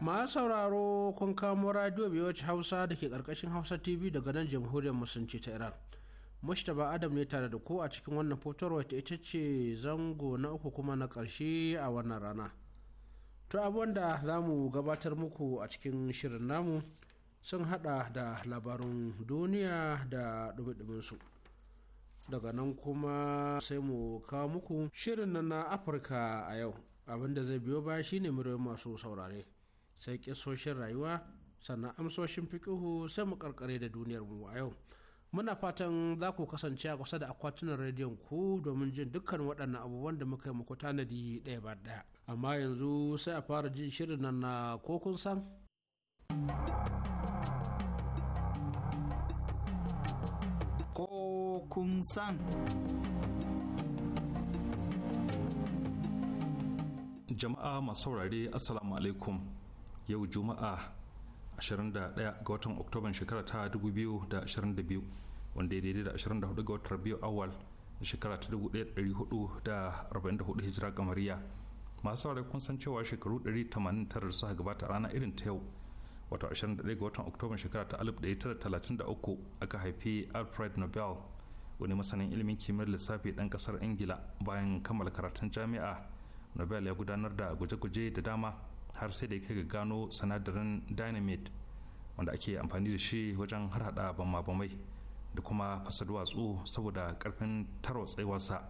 ma sauraro kun kamo radio hausa da ke karkashin hausa tv daga nan jamhuriyar musulunci ta iran mushtaba adam ne tare da ko a cikin wannan fotowar ta ita ce zango na uku kuma na ƙarshe a wannan rana to abuwan da za mu gabatar muku a cikin shirin namu sun hada da labarun duniya da su daga nan kuma sai mu kawo muku shirin na afirka a yau abinda zai biyo baya shine muryoyin masu saurare sai kisoshin rayuwa sannan amsoshin fikihu sai mu karkare da duniyar mu a yau muna fatan za ku kasance a kusa da akwatunan rediyon ku domin jin dukkan waɗannan abubuwan da muka yi muku tanadi ɗaya ba ɗaya amma yanzu sai a fara jin shirin nan na ko kun san ko kun san jama'a masu saurare assalamu alaikum yau juma'a 21 ga watan oktoban shekara ta 2022 wanda ya daidai da 24 ga watan biyu awal da shekara ta 1444 hijira kamariya masu saurari kun san cewa shekaru 189 suka gabata rana irin ta yau wato 21 ga watan oktoban shekara ta 1933 aka haifi alfred nobel wani masanin ilimin kimiyyar lissafi ɗan ƙasar ingila bayan kammala karatun jami'a nobel ya gudanar da guje-guje da dama har sai da ya kai ga gano sinadarin dynamite wanda ake amfani da shi wajen harhaɗa bamabamai da kuma fasa duwatsu saboda karfin tsaiwarsa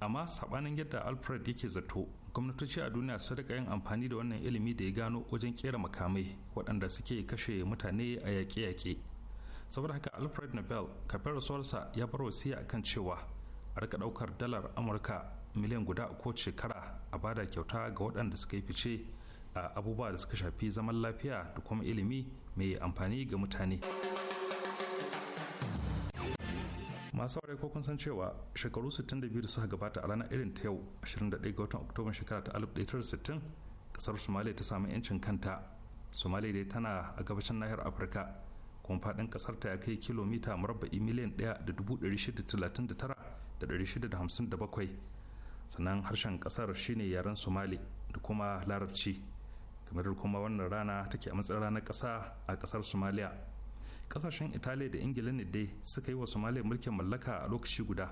amma sabanin yadda alfred yake zato gwamnatoci a duniya sun rika yin amfani da wannan ilimi da ya gano wajen kera makamai waɗanda suke kashe mutane a yaƙe-yaƙe saboda haka alfred nobel kafin rasuwarsa ya bar wasiya kan cewa a rika ɗaukar dalar amurka miliyan guda ko shekara a bada kyauta ga waɗanda suka yi fice a abubuwa da suka shafi zaman lafiya da kuma ilimi mai amfani ga mutane masu aure ko kun san cewa shekaru 62 da suka gabata a ranar irin ta yau 21 ga watan oktoba shekara ta 1960 kasar somalia ta samu 'yancin kanta somalia dai tana a gabashin nahiyar afirka kuma faɗin kasar ta ya kai kilomita murabba'i miliyan 1,639,657 sannan harshen kasar shine yaren somali da kuma larabci kamar kuma wannan rana take a matsayin ranar ƙasa a ƙasar somaliya ƙasashen italiya da ingila ne dai suka yi wa somalia mulkin mallaka a lokaci guda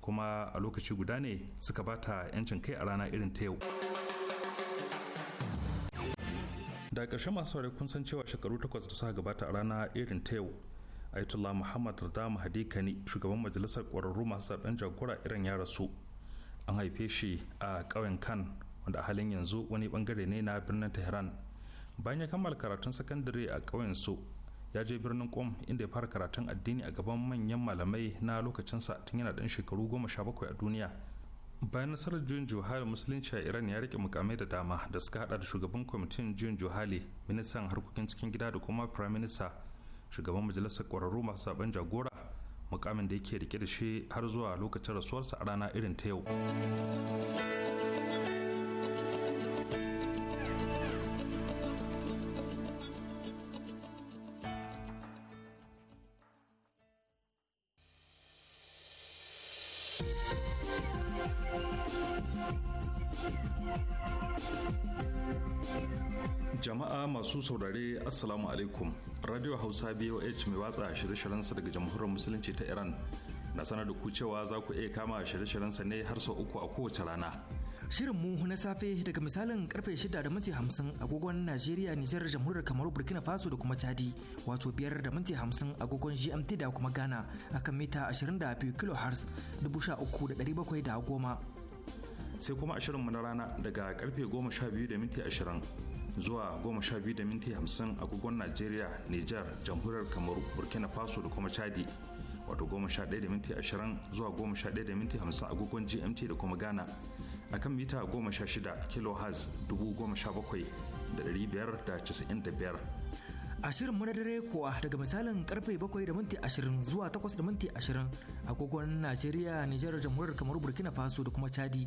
kuma a lokaci guda ne suka ba ta 'yancin kai a rana irin ta yau da ƙarshe masu saurari kun san cewa shekaru takwas da suka gabata a rana irin ta yau ayatollah muhammad rada mahadi kani shugaban majalisar ƙwararru masu zaben jagora irin ya rasu an haife shi a ƙauyen kan wanda a halin yanzu wani bangare ne na birnin tehran bayan ya kammala karatun sakandare a ƙauyen su ya je birnin kom inda ya fara karatun addini a gaban manyan malamai na lokacinsa tun yana ɗan shekaru goma sha bakwai a duniya bayan nasarar juyin juhali musulunci a iran ya rike mukamai da dama da suka hada da shugaban kwamitin juyin juhali ministan harkokin cikin gida da kuma prime minister shugaban majalisar kwararru masu saban jagora mukamin da yake rike da shi har zuwa lokacin rasuwarsa a rana irin ta yau jama'a masu saurare assalamu alaikum radio hausa boh mai watsa shirye shiryen sa daga jamhuriyar musulunci ta iran na sanar da ku cewa za ku iya kama shirye shiryen sa ne har sau uku a kowace rana shirin mu na safe daga misalin karfe 6 da minti 50 agogon najeriya nijar jamhuriyar kamaru burkina faso da kuma chadi wato biyar da minti 50 agogon gmt da kuma ghana akan mita 22 kilohertz 13710 sai kuma a ashirinmu na rana daga karfe 12.20 zuwa 12.50 agogon Najeriya, Nijar, Jamhuriyar Kamaru, Burkina Faso da kuma Chadi. Wato 11.20 zuwa 11.50 agogon GMT da kuma Ghana. A kan mita 16 kHz 17,595. shirin na dare kuwa daga misalin karfe 7 da minti 20 zuwa 8 da minti 20 agogon Najeriya, Nijar, Jamhuriyar kamar Burkina Faso da kuma Chadi.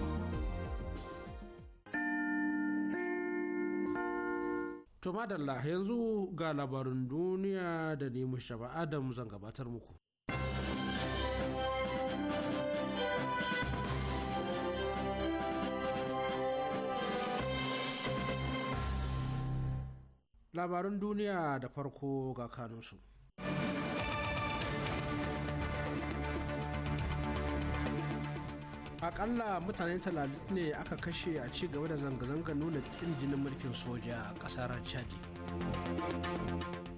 To madalla yanzu ga labarin duniya da ni Mustapha Adam zan gabatar muku. Labarin duniya da farko ga kanunsu. akalla mutane talatin ne aka kashe a ci gaba da zanga-zanga nuna injinin mulkin soja a ƙasar chadi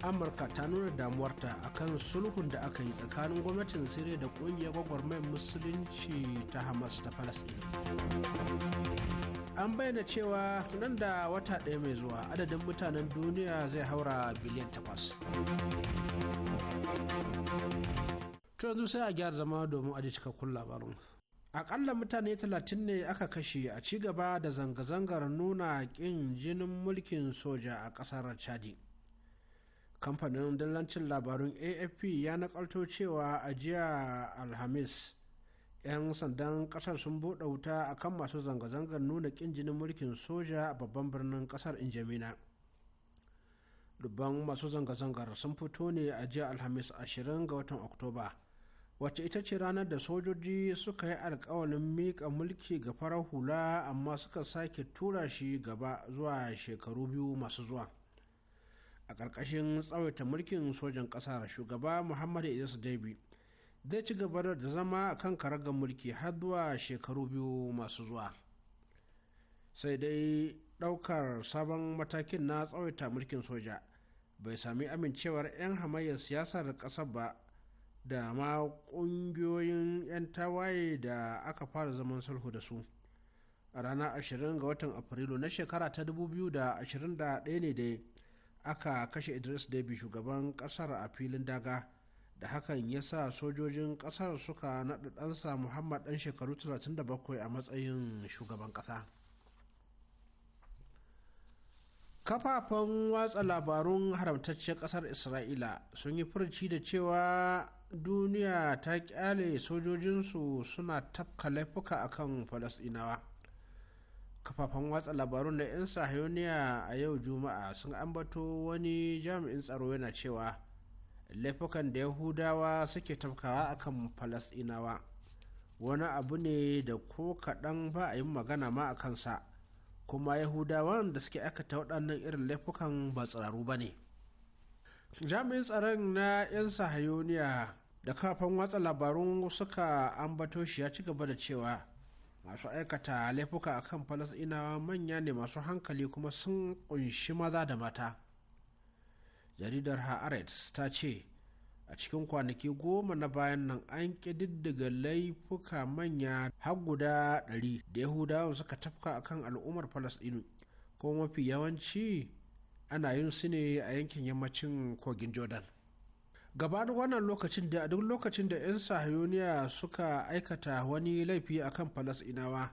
amurka ta nuna damuwarta akan sulhun da aka yi tsakanin gwamnatin siriya da ƙungiyar gwagwarmayar musulunci ta hamas ta falasɗini an bayyana cewa nan da wata ɗaya mai zuwa adadin mutanen duniya zai haura biliyan takwas to yanzu sai a gyara zama domin aji cikakkun labarun. akalla mutane 30 ne aka kashe a ci gaba da zanga-zangar nuna ƙin jinin mulkin soja a ƙasar chadi kamfanin dillancin labarun afp ya nakalto cewa a jiya alhamis 'yan sandan ƙasar sun buɗe wuta a kan masu zanga-zangar nuna ƙin jinin mulkin soja a babban birnin ƙasar injamina dubban masu zanga-zangar sun fito ne a jiya alhamis 20 ga watan oktoba wacce ita ce ranar da sojoji suka yi alkawalin miƙa mulki ga farar hula amma suka sake tura shi gaba zuwa shekaru biyu masu zuwa a ƙarƙashin tsawaita mulkin sojan ƙasar shugaba muhammadu idris debi zai ci gaba da zama a kan karagar mulki har zuwa shekaru biyu masu zuwa sai dai ɗaukar sabon matakin na tsawaita mulkin soja bai sami amincewar 'yan hamayyar siyasar ƙasar ba da ma kungiyoyin 'yan tawaye da aka fara zaman sulhu da su a ranar 20 ga watan afrilu na shekara ta 2021 ne da aka kashe idris debi shugaban kasar a filin daga da hakan ya sa sojojin kasar suka naɗa ɗansa muhammad ɗan shekaru 37 a matsayin shugaban ƙasa kafafen watsa labarun haramtaccen ƙasar isra'ila sun yi furci da cewa duniya ta kyale sojojinsu suna tafka laifuka akan falasɗinawa kafafen watsa labarun da 'yan sahayoniya a yau juma'a sun ambato wani jami'in tsaro yana cewa laifukan da yahudawa suke tafkawa akan falasɗinawa wani abu ne da ko kaɗan ba a yi magana ma a kansa kuma yahudawan da suke aikata waɗannan irin laifukan ba tsararru ba ne jami'in tsaron na 'yan sahayoniya da kafin watsa labarun suka ambato shi ya ci gaba da cewa masu aikata laifuka a kan falasɗinawa manya ne masu hankali kuma sun kunshi maza da mata jaridar haaretz ta ce a cikin kwanaki goma na bayan nan an ƙididdiga laifuka manya har guda ɗari da yahudawa suka tafka akan al'ummar falasɗinu kuma mafi yawanci ana yin su ne a yankin yammacin kogin jordan gabanin wannan lokacin da duk lokacin da 'yan sahayoniya suka aikata wani laifi a akan inawa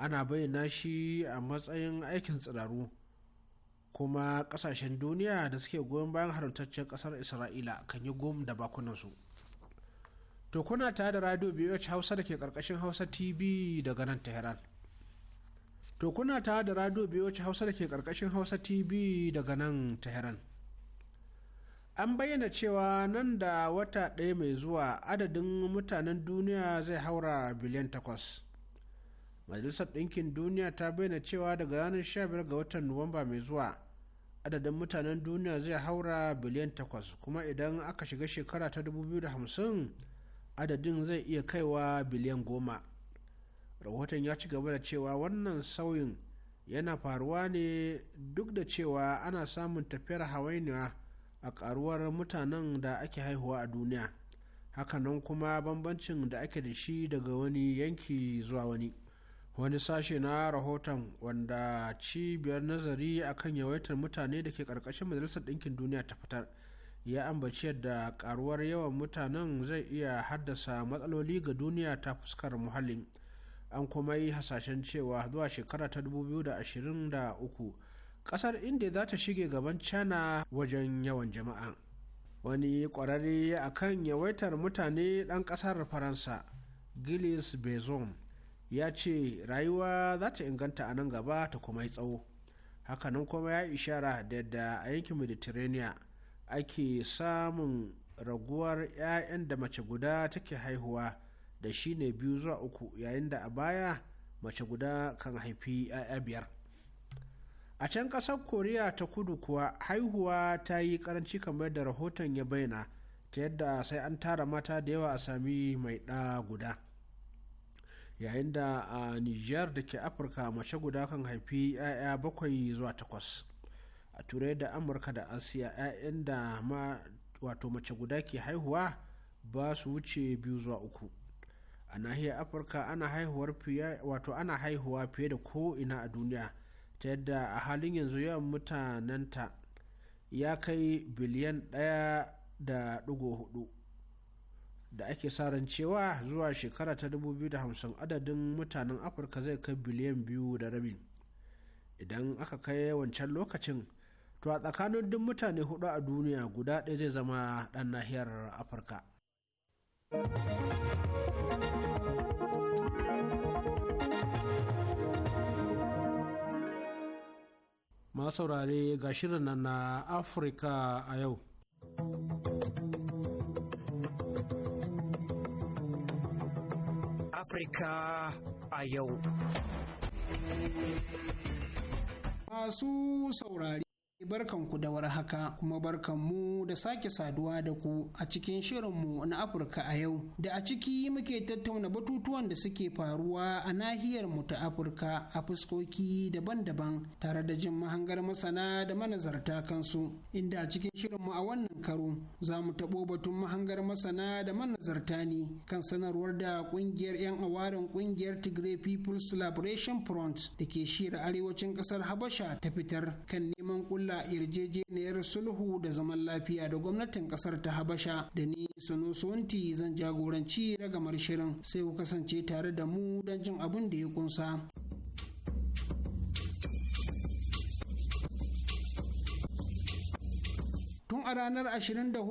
ana bayyana shi a matsayin aikin tsiraru kuma kasashen duniya da suke goyon bayan haramtaccen kasar isra'ila kan yi gom da bakunansu to kuna tare da radio bh hausa da ke karkashin hausa tv daga nan tehran to kuna tare da radio bh hausa da ke karkashin hausa tv daga nan tehran an bayyana cewa nan da wata ɗaya mai zuwa adadin mutanen duniya zai haura biliyan takwas majalisar ɗinkin duniya ta bayyana cewa daga ranar 15 ga watan nuwamba mai zuwa adadin mutanen duniya zai haura biliyan takwas kuma idan aka shiga shekara ta 2050 adadin zai iya kaiwa biliyan goma rahoton ya ci gaba da cewa wannan sauyin yana faruwa ne duk da cewa ana samun tafiyar hawainiya a karuwar mutanen da ake haihuwa a duniya hakanan kuma bambancin da ake da shi daga wani yanki zuwa wani wani sashe na rahoton wanda cibiyar nazari akan yawaitar mutane da ke karkashin majalisar ɗinkin duniya ta fitar ya ambaci yadda karuwar yawan mutanen zai iya haddasa matsaloli ga duniya ta fuskar muhallin an kuma yi hasashen cewa zuwa shekara ta 2023 kasar india za ta shige gaban china wajen yawan jama'a wani kwararre a kan yawaitar mutane ɗan ƙasar faransa gilles bezon ya ce rayuwa za ta inganta a nan gaba ta kuma yi tsawo hakanan kuma ya ishara da yadda a yankin mediterranean ake samun raguwar 'ya'yan da mace guda take haihuwa da shi ne biyu zuwa uku yayin da a baya mace guda kan haifi 'ya'ya biyar a can ƙasar koriya ta kudu kuwa haihuwa ta yi karanci kamar da rahoton ya bayyana ta yadda sai an tara mata da yawa a sami mai ɗa guda yayin da a niger da ke afirka mace guda kan haifi 'ya'ya bakwai zuwa takwas a turai da amurka da asiya 'ya'yan da ma wato mace guda ke haihuwa ba su wuce biyu zuwa uku a nahiyar afirka ana haihuwa fiye da ko ina a duniya ta yadda a halin yanzu yawan mutanenta ya kai biliyan ɗaya da ɗigo hudu da ake sa cewa zuwa shekara ta 2050 adadin mutanen afirka zai kai biliyan biyu da rabi idan aka kai wancan lokacin to a tsakanin duk mutane hudu a duniya guda ɗaya zai zama ɗan nahiyar afirka masu saurare ga shirin nan na afirka a yau afirka a yau Masu saurari Barkanku da warhaka kuma barkanmu da sake saduwa da ku a cikin shirinmu na Afirka a yau da a ciki muke tattauna batutuwan da suke faruwa a nahiyar mu ta Afirka a fuskoki daban-daban tare da jin mahangar masana da manazarta kansu inda a cikin shirinmu a wannan karo za mu taɓo batun mahangar masana da manazarta ne kan sanarwar da kungiyar 'yan awarin kungiyar Tigray People's Liberation Front da ke shira arewacin ƙasar Habasha ta fitar kan neman ƙulla. yarjejeniyar sulhu da zaman lafiya da gwamnatin kasar ta habasha da ni sunu suwanti zan jagoranci ragamar shirin sai ku kasance tare da mu don jin abin da ya kunsa. tun a ranar 24 ga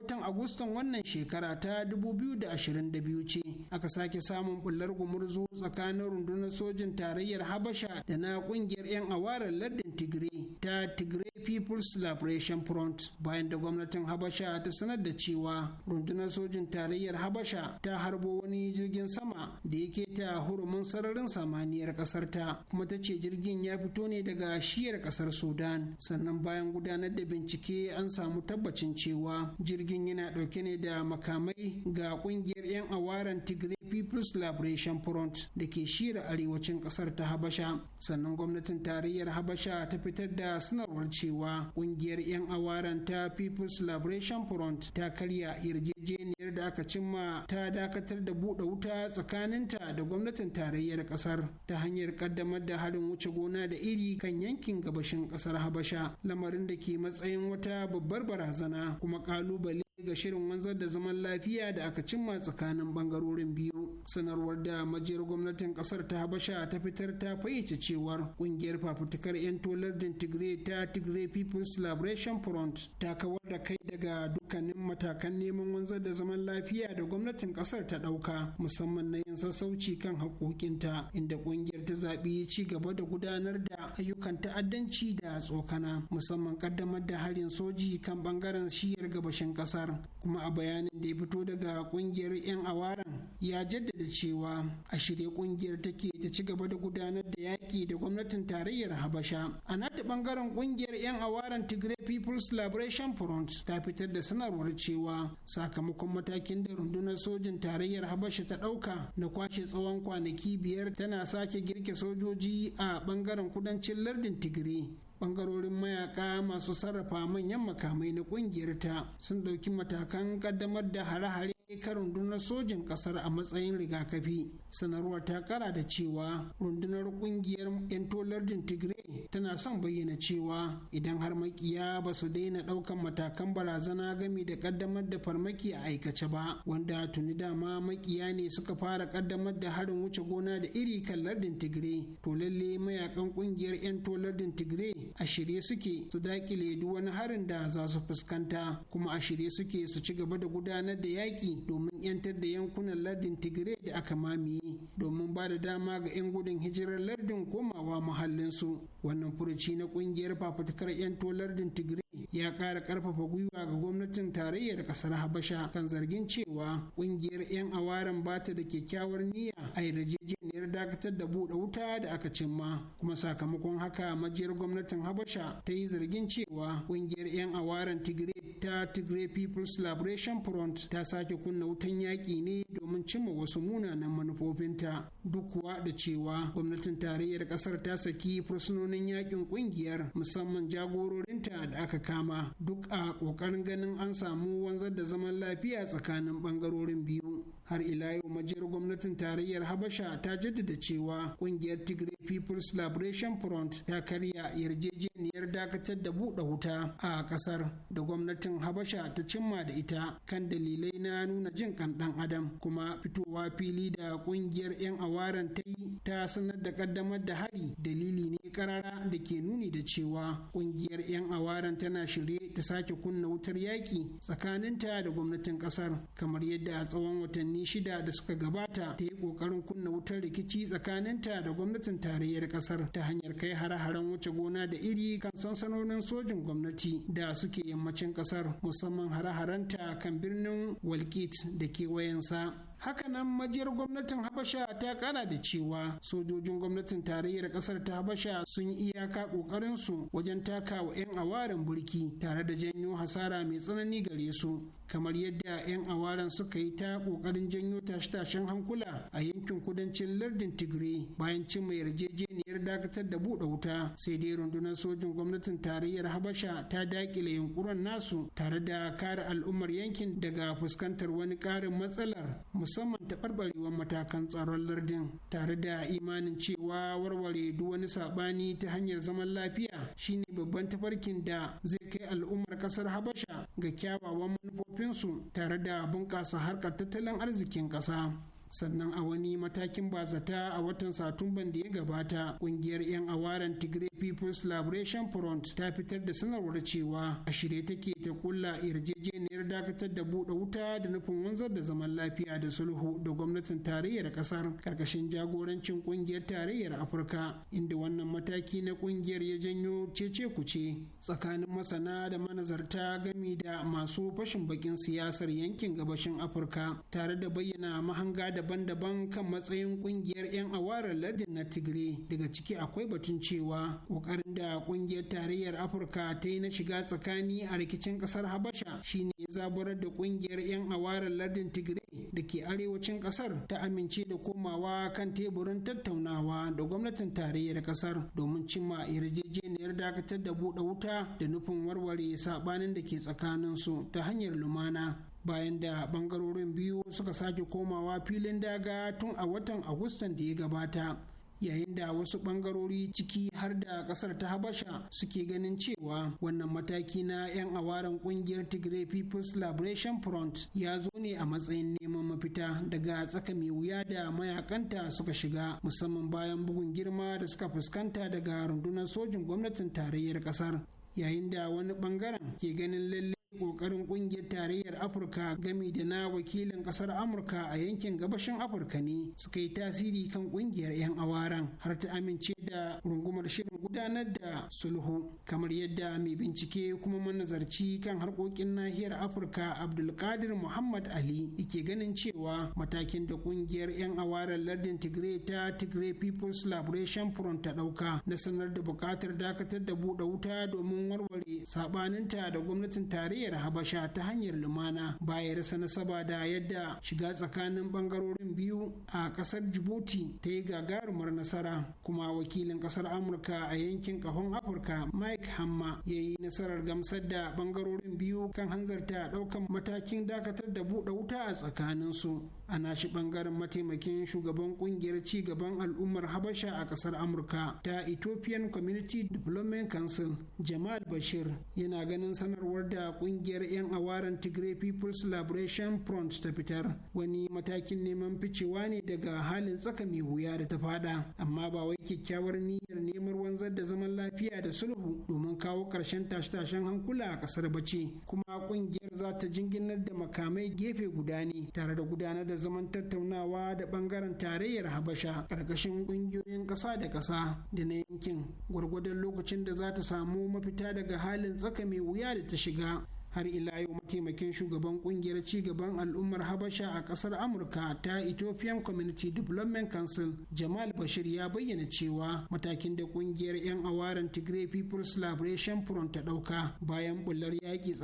watan agustan wannan shekara ta 2022 ce aka sake samun bullar gumurzu tsakanin rundunar sojin tarayyar habasha da na kungiyar 'yan awarar lardin tigre ta tigray people's liberation front bayan da gwamnatin habasha ta sanar da cewa rundunar sojin tarayyar habasha ta harbo wani jirgin sama da ya keta hurumin sararin samaniyar kasar ta kuma ta ce jirgin ya fito ne daga shiyar kasar sudan sannan bayan gudanar da bincike an samu samu tabbacin cewa jirgin yana ɗauke ne da makamai ga ƙungiyar 'yan awaren Tigray People's Liberation Front da ke shira arewacin ƙasar ta Habasha. Sannan gwamnatin tarayyar Habasha ta fitar da sanarwar cewa ƙungiyar 'yan awaren ta People's Liberation Front ta karya yarjejeniyar da aka cimma ta dakatar da buɗe wuta tsakaninta da gwamnatin tarayyar ƙasar ta hanyar ƙaddamar da harin wuce gona da iri kan yankin gabashin ƙasar Habasha lamarin da ke matsayin wata babbar barbara barazana kuma kalubale ga shirin wanzar da zaman lafiya da aka cimma tsakanin bangarorin biyu sanarwar da majiyar gwamnatin kasar ta habasha ta fitar ta fayyace cewar kungiyar fafutukar 'yan din tigre ta tigre people's liberation front ta kawar da kai daga dukkanin matakan neman wanzar da zaman lafiya da gwamnatin kasar ta dauka musamman na yin sassauci kan haƙoƙinta inda kungiyar ta zaɓi ci gaba da gudanar da ayyukan ta'addanci da tsokana musamman kaddamar da harin soji kan bangaren shiyar gabashin kasar awaran kuma a bayanin da ya fito daga kungiyar 'yan awaran ya jaddada cewa a shirye kungiyar take ta ci gaba da gudanar da yaki da gwamnatin tarayyar habasha a nata bangaren kungiyar 'yan awaran tigray people's liberation front ta fitar da sanarwar cewa sakamakon matakin da rundunar sojin tarayyar habasha ta ɗauka na kwashe tsawon kwanaki biyar tana sake girke sojoji a bangaren kudancin lardin tigray bangarorin mayaka masu sarrafa manyan makamai na kungiyar ta sun ɗauki matakan ƙaddamar da hare-hare kan rundunar sojin ƙasar a matsayin rigakafi sanarwar ta kara da cewa rundunar kungiyar 'yan tolardin tigray tana son bayyana cewa idan har makiya ba su daina daukan matakan barazana gami da kaddamar da farmaki a aikace ba wanda tuni dama makiya ne suka fara kaddamar da harin wuce gona da iri kan lardin tigray to lalle mayakan kungiyar 'yan tolardin tigray a shirye suke su dakile duk wani harin da za su fuskanta kuma a shirye suke su ci gaba da gudanar da yaki domin 'yantar da yankunan lardin tigray da aka mami. domin ba da dama ga 'yan gudun hijirar lardin komawa muhallinsu wannan furuci na kungiyar fafutukar 'yan tolardin tigiri ya kara karfafa gwiwa ga gwamnatin tarayyar kasar habasha kan zargin cewa kungiyar 'yan awaren bata da kyakkyawar niyya a yarjejeniyar dakatar da buɗe wuta da aka cimma kuma sakamakon haka majiyar gwamnatin habasha ta yi zargin cewa kungiyar 'yan awaren tigray ta tigray people's liberation front ta sake kunna wutan yaƙi ne domin cimma wasu munanan manufofinta duk kuwa da cewa gwamnatin tarayyar kasar ta saki fursunonin rundunar yakin kungiyar musamman jagororinta da aka kama duk a kokarin ganin an samu wanzar da zaman lafiya tsakanin bangarorin biyu har ila yau majiyar gwamnatin tarayyar habasha ta jaddada cewa kungiyar tigray people's liberation front ta karya yarjejeniyar dakatar da buɗe wuta a ƙasar da gwamnatin habasha ta cimma da ita kan dalilai na nuna jin kan ɗan adam kuma fitowa fili da kungiyar 'yan awaran ta yi ta sanar da ƙaddamar da hari dalili ne karara da ke nuni da cewa kungiyar 'yan awaran tana shirye ta sake kunna wutar yaƙi tsakaninta da gwamnatin ƙasar kamar yadda a tsawon watanni watanni shida da suka gabata ta yi ƙoƙarin kunna wutar rikici tsakaninta da gwamnatin tarayyar ƙasar ta hanyar kai hare-haren wuce gona da iri kan sansanonin sojin gwamnati da suke yammacin ƙasar musamman hare-harenta kan birnin walkit da kewayensa hakanan majiyar gwamnatin habasha ta kara da cewa sojojin gwamnatin tarayyar kasar ta habasha sun iyaka kokarin su wajen taka wa 'yan awaren burki tare da janyo hasara mai tsanani gare su kamar yadda 'yan awaren suka yi ta kokarin janyo tashe-tashen hankula a yankin kudancin lardin tigray bayan cin mai yarjejeniyar dakatar da buɗe wuta sai dai rundunar sojin gwamnatin tarayyar habasha ta dakile yunkuran nasu tare da kare al'ummar yankin daga fuskantar wani ƙarin matsalar musamman ta taɓarɓarewar matakan tsaron lardin tare da imanin cewa warware duk wani saɓani ta hanyar zaman lafiya shine babban tafarkin da zai kai al'ummar kasar habasha ga kyawawan manufofinsu tare da bunƙasa harkar tattalin arzikin ƙasa sannan a wani matakin bazata a watan satumban da ya gabata kungiyar 'yan awaren tigray people's liberation front ta fitar da sanarwar cewa a shirye take ta kulla yarjejeniyar dakatar da buɗe wuta da nufin wanzar da zaman lafiya da sulhu da gwamnatin tarayyar ƙasar karkashin jagorancin kungiyar tarayyar afirka inda wannan mataki na kungiyar ya janyo cece kuce tsakanin masana da manazarta gami da masu fashin bakin siyasar yankin gabashin afirka tare da bayyana mahanga da daban-daban kan matsayin kungiyar 'yan awarar lardin na tigray daga ciki akwai batun cewa kokarin da kungiyar tarayyar afirka ta yi na shiga tsakani a rikicin kasar habasha shine ya zaburar da kungiyar 'yan awarar lardin tigray da ke arewacin kasar ta amince da komawa kan teburin tattaunawa da gwamnatin tarayyar kasar domin cimma yarjejeniyar dakatar da buɗe wuta da nufin warware sabanin da ke tsakanin su ta hanyar lumana bayan da bangarorin biyu suka sake komawa filin daga tun a watan agustan da ya gabata yayin da wasu bangarori ciki har da kasar ta habasha suke ganin cewa wannan mataki na 'yan awaren kungiyar tigray people's liberation front ya zo ne a matsayin neman mafita daga tsaka mai wuya da mayakanta suka shiga musamman bayan bugun girma da suka fuskanta daga rundunar sojin gwamnatin tarayyar kasar yayin da wani bangaren ke ganin lalle ƙoƙarin ƙungiyar tarayyar afirka gami da na wakilin ƙasar amurka a yankin gabashin afirka ne suka yi tasiri kan ƙungiyar 'yan awaran har ta amince da rungumar shirin gudanar da sulhu kamar yadda mai bincike kuma manazarci kan harkokin nahiyar afirka abdulkadir muhammad ali ke ganin cewa matakin da ƙungiyar 'yan awaran lardin tigray ta tigray people's liberation front ta ɗauka na sanar da bukatar dakatar da buɗe wuta domin warware saɓaninta da gwamnatin tarayyar tsakiyar habasha ta hanyar lumana baya rasa nasaba da yadda shiga tsakanin bangarorin biyu a kasar jibuti ta yi gagarumar nasara kuma wakilin kasar amurka a yankin kahon afirka mike hamma ya yi nasarar gamsar da bangarorin biyu kan hanzarta daukan matakin dakatar da buɗe wuta a tsakaninsu a nashi bangaren mataimakin shugaban kungiyar ci gaban al'ummar habasha a kasar amurka ta ethiopian community development council jamal bashir yana ganin sanarwar da kungiyar kungiyar 'yan awaran Tigray People's Liberation Front ta fitar wani matakin neman ficewa ne daga halin tsaka mai wuya da ta fada amma ba wai kyakkyawar niyyar neman wanzar da zaman lafiya da sulhu domin kawo ƙarshen tashe-tashen hankula a ƙasar bace kuma kungiyar za ta jinginar da makamai gefe guda ne tare da gudanar da zaman tattaunawa da bangaren tarayyar Habasha ƙarƙashin kungiyoyin kasa da kasa da na yankin gwargwadon lokacin da za ta samu mafita daga halin tsaka mai wuya da ta shiga har ila yau mataimakin shugaban kungiyar cigaban al'ummar habasha a kasar amurka ta ethiopian community development council jamal bashir ya bayyana cewa matakin da kungiyar 'yan awaren tigray people's liberation front ta dauka bayan bullar yaƙi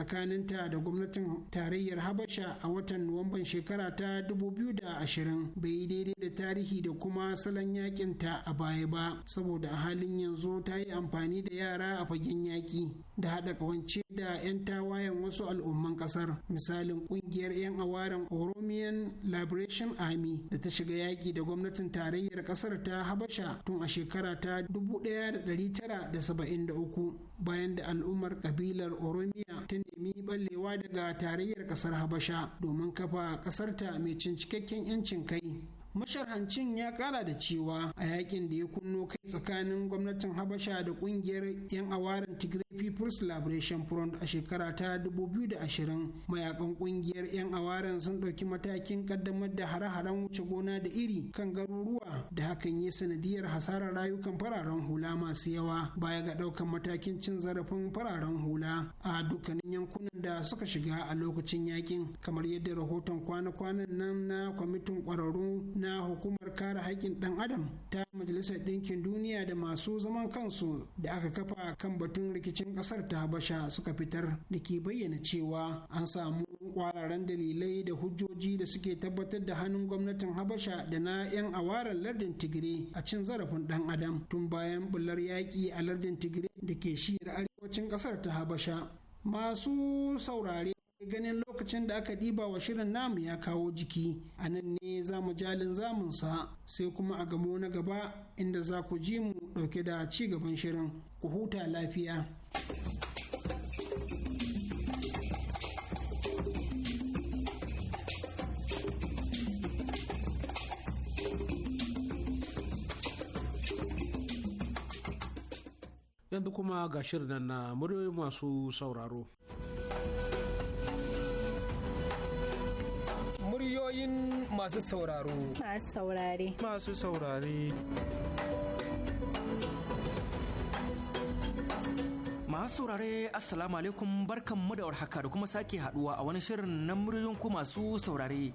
ta da gwamnatin tarayyar habasha a watan nuwamban shekara ta 2020 bai daidai da tarihi da kuma salon yakin ta a baya ba saboda a halin yanzu ta yi amfani da yara a fagen yaƙi da haɗa kawance da 'yan tawayen bangaren wasu al'umman kasar misalin kungiyar 'yan awaren oromian liberation army da ta shiga yaƙi da gwamnatin tarayyar kasar ta habasha tun a shekara ta 1973 bayan da al'ummar kabilar oromiya ta nemi ballewa daga tarayyar kasar habasha domin kafa kasarta mai cin cikakken 'yancin kai masharhancin ya kara da cewa a yakin da ya kunno kai tsakanin gwamnatin habasha da kungiyar yan awarin tigray people's liberation front a shekara ta 2020 mayakan kungiyar yan awarin sun ɗauki matakin kaddamar da hare-haren wuce gona da iri kan garuruwa da hakan ya sanadiyar hasarar rayukan fararen hula masu yawa baya ga ɗaukan matakin cin zarafin fararen hula a dukkanin yankunan da suka shiga a lokacin yakin kamar yadda rahoton kwana-kwanan nan na kwamitin kwararru na na hukumar kare haƙƙin ɗan adam ta majalisar ɗinkin duniya da masu zaman kansu da aka kafa kan batun rikicin ƙasar ta habasha suka fitar da ke bayyana cewa an samu kwararen dalilai da hujjoji da suke tabbatar da hannun gwamnatin habasha da na 'yan awarar lardin tigire a cin zarafin ɗan adam tun bayan bular yaƙi a lardin tigire da ke shiyar arewacin ƙasar ta habasha masu saurare ganin lokacin da aka ɗiba wa shirin namu ya kawo jiki a nan ne za mu jalin zamunsa sai kuma a gamo na gaba inda za ku ji mu ɗauke da ci gaban shirin ku huta lafiya yanzu kuma ga shirin na muryoyi masu sauraro masu sauraro masu saurare masu saurare masu saurare assalamu alaikum barkan mu da warhaka da kuma sake haduwa a wani shirin na muryoyin ku masu saurare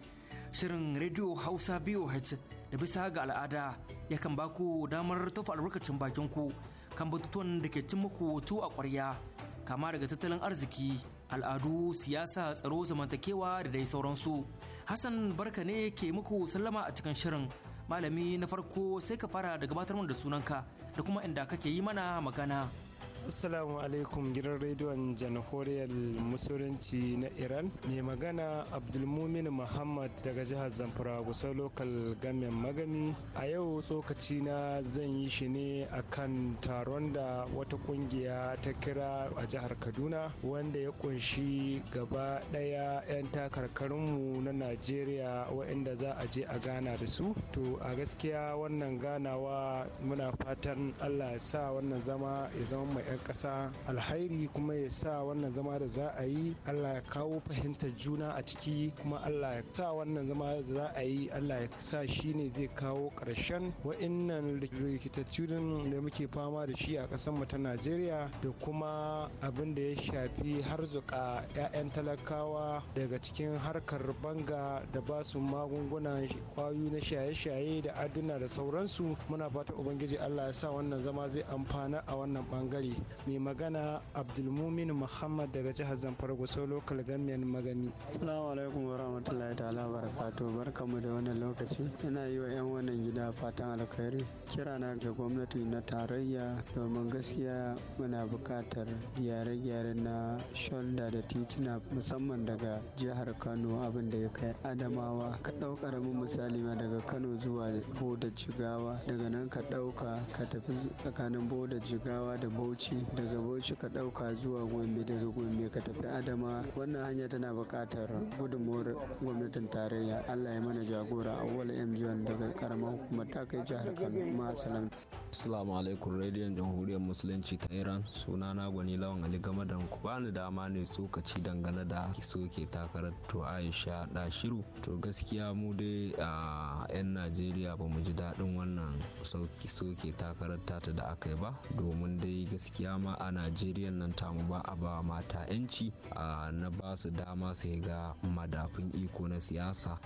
shirin radio hausa voh da bisa ga al'ada yakan baku damar tofa albarkacin bakin ku kan batutuwan da ke cin muku tu a kwarya kama daga tattalin arziki al'adu siyasa tsaro zamantakewa da dai sauransu hassan barka ne ke muku sallama a cikin shirin malami na farko sai ka fara da gabatar mana da sunanka da kuma inda kake yi mana magana Assalamu alaikum gidan rediyon janahoriyar musulunci na Iran. Mai magana Abdulmumin Muhammad daga jihar Zamfara gusa lokal gamen magani. A yau tsokaci na zan yi shi ne akan taron da wata kungiya ta kira a jihar Kaduna wanda ya kunshi gaba ɗaya 'yan takarkarinmu na Najeriya waɗanda za a je a gana da su. To a gaskiya wannan ganawa muna fatan Allah ya sa wannan zama ya zama mai 'yan ƙasa alhairi kuma ya sa wannan zama da za a yi allah ya kawo fahimtar juna a ciki kuma allah ya sa wannan zama da za a yi allah ya sa shi ne zai kawo ƙarshen wa'innan rikitattun da muke fama da shi a ƙasar mu ta najeriya da kuma abin da ya shafi harzuka 'ya'yan talakawa daga cikin harkar banga da ba su magungunan kwayoyi na shaye-shaye da aduna da sauransu muna fata ubangiji allah ya sa wannan zama zai amfana a wannan bangare mai magana abdulmumin muhammad daga jihar zamfara gusau local government magani assalamu alaikum wa rahmatullahi barakatu barakatuh barkamu da wannan lokaci ina yi wa yan wannan gida fatan alkhairi kira na ga gwamnati na tarayya domin gaskiya muna buƙatar gyare-gyare na shoulder da titina musamman daga jihar kano abin da ya kai adamawa ka ɗau ƙaramin misali ma daga kano zuwa boda jigawa daga nan ka ɗauka ka tafi tsakanin boda jigawa da bauchi daga bauchi ka ɗauka zuwa gombe daga gombe ka tafi adama wannan hanya tana buƙatar gudunmuwar gwamnatin tarayya allah ya mana jagora awwal mjn daga karamar hukumar ta kai jihar kano ma salam assalamu alaikum radiyon jamhuriyar musulunci ta iran suna na gwani lawan ali game da ku bani dama ne tsokaci dangane da soke takarar to aisha da shiru to gaskiya mu dai a 'yan najeriya ba mu ji daɗin wannan soke takarar tata da aka yi ba domin dai gaskiya gaskiya a najeriya nan tamu ba a ba mata yanci na ba su dama su ga madafin iko na siyasa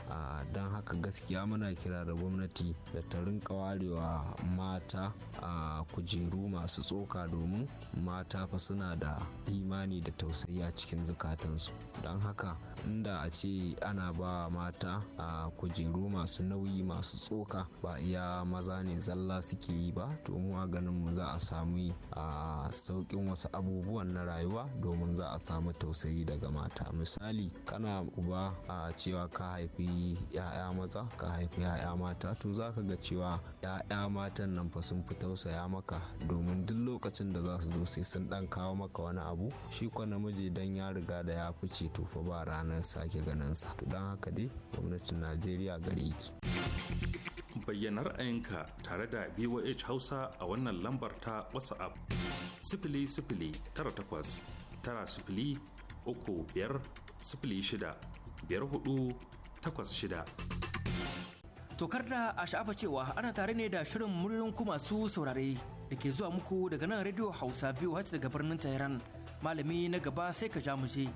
don haka gaskiya muna kira da gwamnati da ta rinka warewa mata a kujeru masu tsoka domin mata fa suna da imani da tausayi a cikin zukatansu don haka inda a ce ana ba mata a kujeru masu nauyi masu tsoka ba iya maza ne zalla suke yi ba to mu a ganin mu za a sami a sauƙin wasu abubuwan na rayuwa domin za a samu tausayi daga mata misali kana uba a cewa ka haifi 'ya'ya maza ka haifi 'ya'ya mata to za ka ga cewa 'ya'ya matan nan fa sun fi tausaya maka domin duk lokacin da za su zo sai sun dan kawo maka wani abu shi kwa namiji dan ya riga da ya fice to fa ba ranar sake ganin sa to dan haka dai gwamnatin Najeriya gare ki bayyanar ayinka tare da voh hausa a wannan lambar ta whatsapp sifili sifili tara sifili uku biyar sifili shida biyar hudu takwas shida. Tokar da a sha'afa cewa ana tare ne da shirin muryoyin ku masu saurare da ke zuwa muku daga nan rediyo Hausa biyu hajji daga birnin Tehran malami na gaba sai ka ja mu je.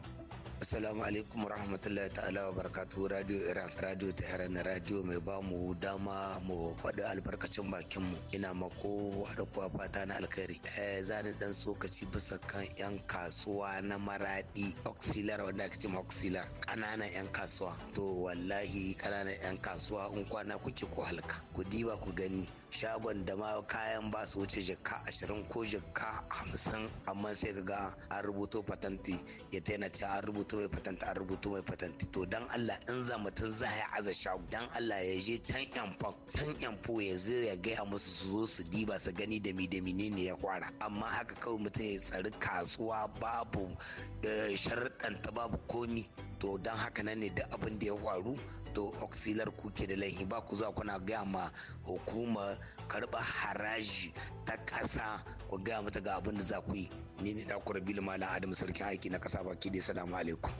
Assalamu alaikum rahmatullahi ta'ala wa barakatu Radio Iran, Radio Tehran, Radio mai ba mu dama mu faɗi albarkacin bakin mu. Ina mako da kuwa fata na alkhairi. Eh zani dan sokaci bisa kan yan kasuwa na maradi auxiliar wanda ake cewa auxiliar kananan yan kasuwa. To wallahi kananan yan kasuwa in kwana kuke ko halka. Ku diba ku gani shagon da ma kayan ba su wuce jikka ashirin ko jikka hamsin amma sai ga an rubuto patanti ya taina ce an rubuta rubuta mai patent an rubutu mai patent to dan Allah in za mutum za ya aza shago dan Allah ya je can yanfan can yanfo ya zo ya gaya musu su zo su diba su gani da mi da ne ya kwara amma haka kawai mutum ya tsari kasuwa babu eh, sharɗanta babu komi to don haka nan ne da abin da ya faru to auxiliar kuke da laifi ba ku zuwa kuna gaya ma hukumar karba haraji ta ƙasa ku gaya mata ga abin da za ku yi ni ne da kurabi malam adam sarkin aiki na kasa baki da salamu alaikum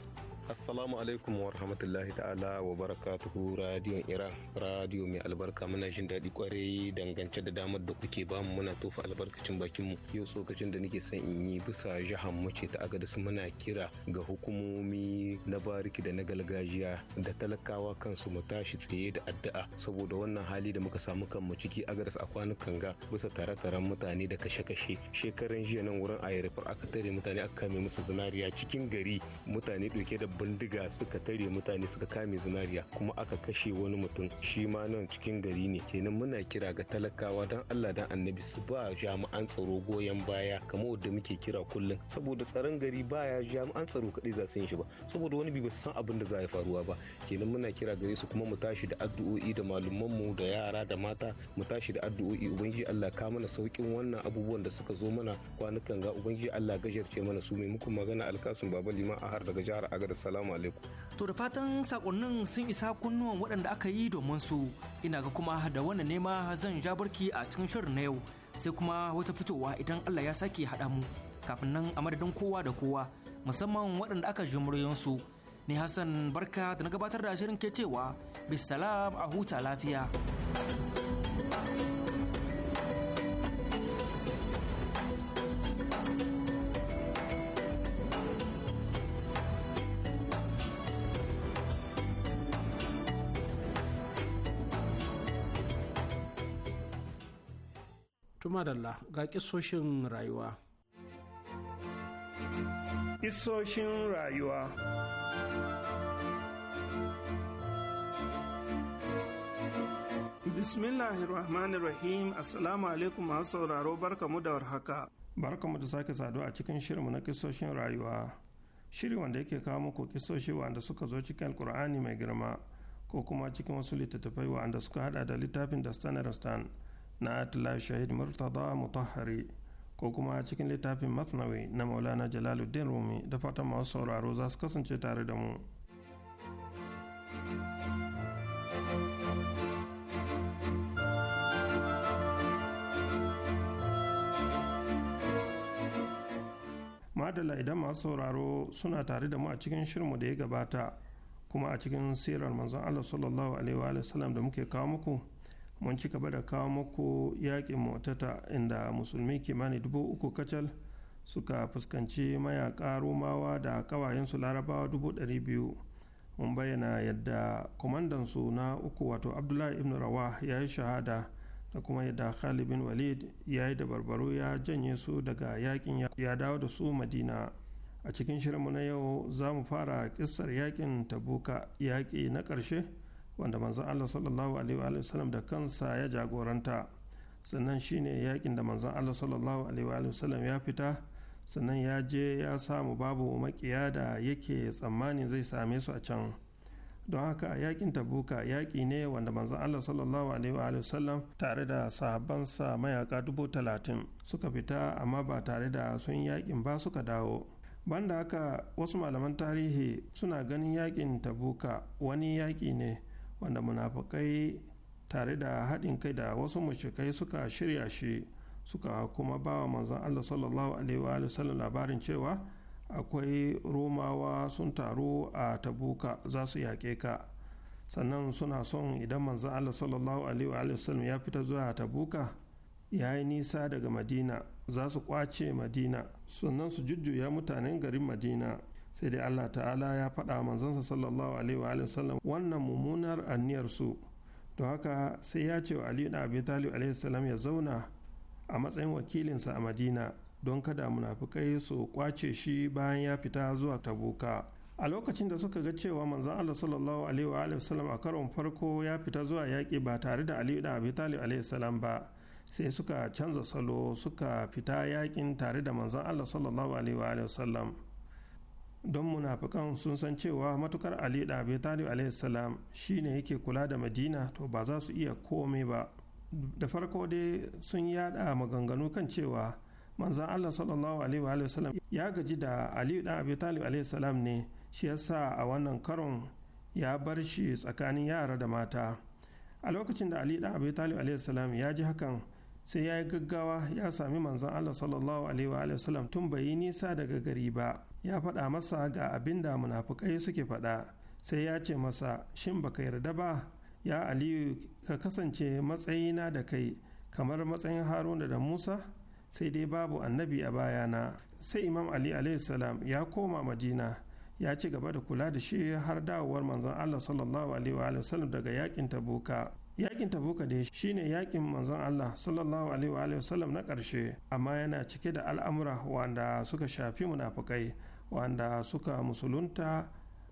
Assalamu alaikum wa rahmatullahi ta'ala wa barakatuhu radiyon Iran radiyo mai albarka muna jin daɗi kwarai dangance da damar da kuke bamu muna tofa albarkacin bakin mu yau tsokacin da nake son in yi bisa jihar mu ce ta agadis muna kira ga hukumomi na bariki da na galgajiya da talakawa kansu mu tashi tsaye da addu'a saboda wannan hali da muka samu kan mu ciki agadis a kwanukan ga bisa tare-taren mutane da kashe-kashe shekaran jiya nan wurin ayyarfar aka tare mutane aka kame musu zinariya cikin gari mutane ɗauke da bindiga suka tare mutane suka kame zinariya kuma aka kashe wani mutum shi ma nan cikin gari ne kenan muna kira ga talakawa dan Allah dan annabi su ba jami'an tsaro goyon baya kamar wanda muke kira kullum saboda tsaron gari baya jami'an tsaro kadai za su yin shi ba saboda wani bi ba san abin da za ya faruwa ba kenan muna kira gare su kuma mu tashi da addu'o'i da malumman mu da yara da mata mu tashi da addu'o'i ubangiji Allah ka mana saukin wannan abubuwan da suka zo mana kwanukan ga ubangiji Allah gajarce mana su mai muku magana alkasun baba liman ahar daga jihar Agadez Assalamu alaikum. To da fatan sakonnin sun isa kunnuwan waɗanda aka yi domin su ina ga kuma da wannan nema zan ja barki a cikin shirin na yau sai kuma wata fitowa idan Allah ya sake haɗa mu kafin nan a madadin kowa da kowa musamman waɗanda aka ji su ni Hassan barka da na gabatar da shirin ke cewa bisalam a huta lafiya. madalla ga kisoshin rayuwa Isoshin rayuwa Bismillahirrahmanirrahim Assalamu alaikum masu sauraro barkamu da warhaka. Barkamu da sake saduwa a cikin shirinmu na kisoshin rayuwa. Shiri wanda yake kawo muku kisoshi wanda suka zo cikin Alkur'ani mai girma ko kuma cikin wasu littattafai wanda suka hada da littafin da Stan na Atila shahid murtada mutahari ko kuma cikin littafin masnawi na maulana jalaluddin rumi da fatan masu sauraro za su kasance tare da mu madala idan masu sauraro suna tare da mu a cikin shirinmu da ya gabata kuma a cikin sirar manzon allah sallallahu alaihi wa sallam da muke kawo muku mun ci gaba da kawo muku yaƙin motata inda musulmi kimanin dubu uku kacal suka fuskanci mayaƙa romawa da ƙawayensu larabawa dubu ɗari biyu mun bayyana yadda kwamandansu na uku wato abdullahi ibn rawa ya yi shahada da kuma yadda khalid bin walid ya yi da barbaro ya janye su daga yakin ya dawo da su madina a cikin shirinmu na yau za mu fara kissar yakin tabuka yaƙi na ƙarshe wanda manzon Allah sallallahu alaihi wa sallam da kansa ya jagoranta sannan shine yakin da manzon Allah sallallahu alaihi wa sallam ya fita sannan ya je ya samu babu makiya da yake tsammani zai same su a can don haka yakin tabuka yaki ne wanda manzon Allah sallallahu alaihi wa sallam tare da sahabbansa mayaka dubu talatin suka fita amma ba tare da sun yakin ba suka dawo banda haka wasu malaman tarihi suna ganin yakin tabuka wani yaƙi ne wanda munafukai tare da haɗin kai da wasu mushrikai suka shirya shi suka kuma ba wa manzan Allah sallallahu alaihi wa sallam labarin cewa akwai romawa sun taru a tabuka za su yaƙe ka sannan suna son idan manzan Allah sallallahu alaihi wa sallam ya fita zuwa tabuka ya yi nisa daga madina za su kwace madina sannan su jujjuya mutanen garin madina sai dai allah ta'ala ya faɗa manzansa sallallahu alaihi wa sallam wannan mummunar anniyar su don haka sai ya ce wa aliyu na abi talib alaihi salam ya zauna a matsayin wakilinsa a madina don kada munafukai su kwace shi bayan ya fita zuwa tabuka a lokacin da suka ga cewa manzon Allah sallallahu alaihi wa sallam a karon farko ya fita zuwa yaƙi ba tare da Aliyu da Abi Talib alaihi salam ba sai suka canza salo suka fita yaƙin tare da manzon Allah sallallahu alaihi wa sallam don munafukan sun san cewa matukar ali da abi talib shi shine yake kula da madina to ba za su iya komai ba da farko dai sun yada maganganu kan cewa manzan allah sallallahu alaihi wa sallam ya gaji da ali da abi talib salam ne shi yasa a wannan karon ya bar shi tsakanin yara da mata a lokacin da ali da abi talib salam ya ji hakan sai ya yi gaggawa ya sami manzon Allah sallallahu alaihi wa sallam tun bai yi nisa daga gari ba ya faɗa masa ga abin da munafukai suke faɗa sai ya ce masa shin baka yarda ba ya aliyu ka kasance matsayina da kai kamar matsayin haruna da musa sai dai babu annabi a bayana sai imam ali salam ya koma madina ya ci gaba da kula da shi har dawowar manzon allah sallallahu alaihi wa sallam daga yakin tabuka yakin tabuka dai shine yakin manzon Allah sallallahu alaihi wa sallam na ƙarshe amma yana cike da al'amura wanda suka shafi munafikai wanda suka musulunta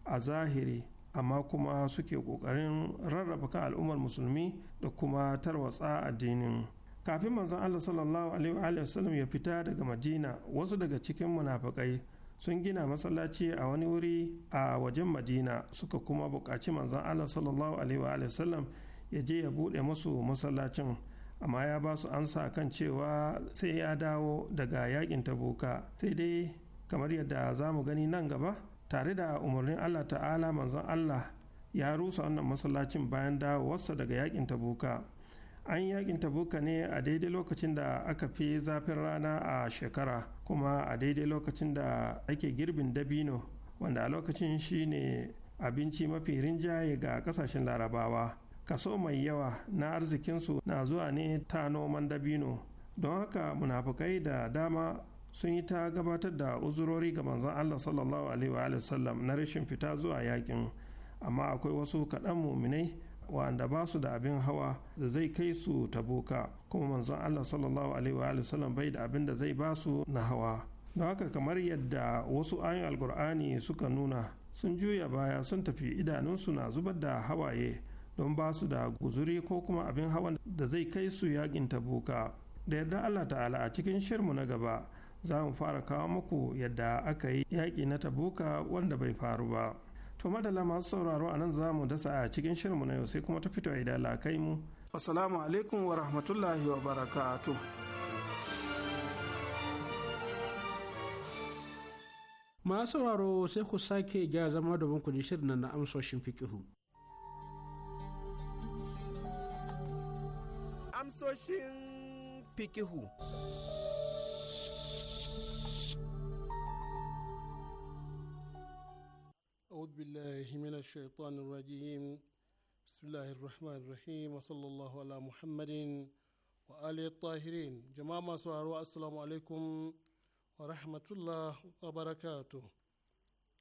a zahiri amma kuma suke ƙoƙarin rarraba kan al'ummar musulmi da kuma tarwatsa addinin kafin manzon Allah sallallahu alaihi wa sallam ya fita daga Madina wasu daga cikin munafikai sun gina masallaci a wani wuri a wajen madina suka kuma buƙaci manzon allah sallallahu alaihi wa sallam ya je ya bude masu masallacin amma ya ba su ansa kan cewa sai ya dawo daga yakin tabuka sai dai kamar yadda za mu gani nan gaba tare da umarnin allah ta'ala manzon allah ya rusa wannan masallacin bayan dawowarsa daga yakin tabuka an yakin tabuka ne a daidai lokacin da aka fi zafin rana a shekara kuma a daidai lokacin da ake girbin dabino wanda a lokacin shine abinci mafi rinjaye ga kasashen larabawa kaso mai yawa na arzikinsu na zuwa ne ta noman dabino don haka munafukai da dama sun yi ta gabatar da uzurori ga manzon Allah sallallahu alaihi wa sallam na rashin fita zuwa yakin amma akwai wasu kaɗan muminai wanda ba su da abin hawa da zai kai su taboka kuma manzon Allah sallallahu alaihi wa bai da abin da zai ba su na hawa don haka kamar yadda wasu ayin alkur'ani suka nuna sun juya baya sun tafi idanunsu na zubar da hawaye don ba su da guzuri ko kuma abin hawan da zai kai su yakin tabuka da yadda allah ta'ala a cikin shirmu na gaba za mu fara kawo muku yadda aka yi yaƙi na tabuka wanda bai faru ba to madalla masu sauraro a nan za mu dasa a cikin shirmu na yau sai kuma ta fito idan idala kai mu assalamu alaikum wa rahmatullahi wa barakatu. masu sauraro sai ku sake gya zama domin ku ji shirin na amsoshin fikihu Amsoshin fikihu. أعوذ بالله من الشيطان الرجيم بسم الله الرحمن الرحيم وصلى الله على محمد وآله الطاهرين جماعة ما السلام wa rahmatullah wa barakatu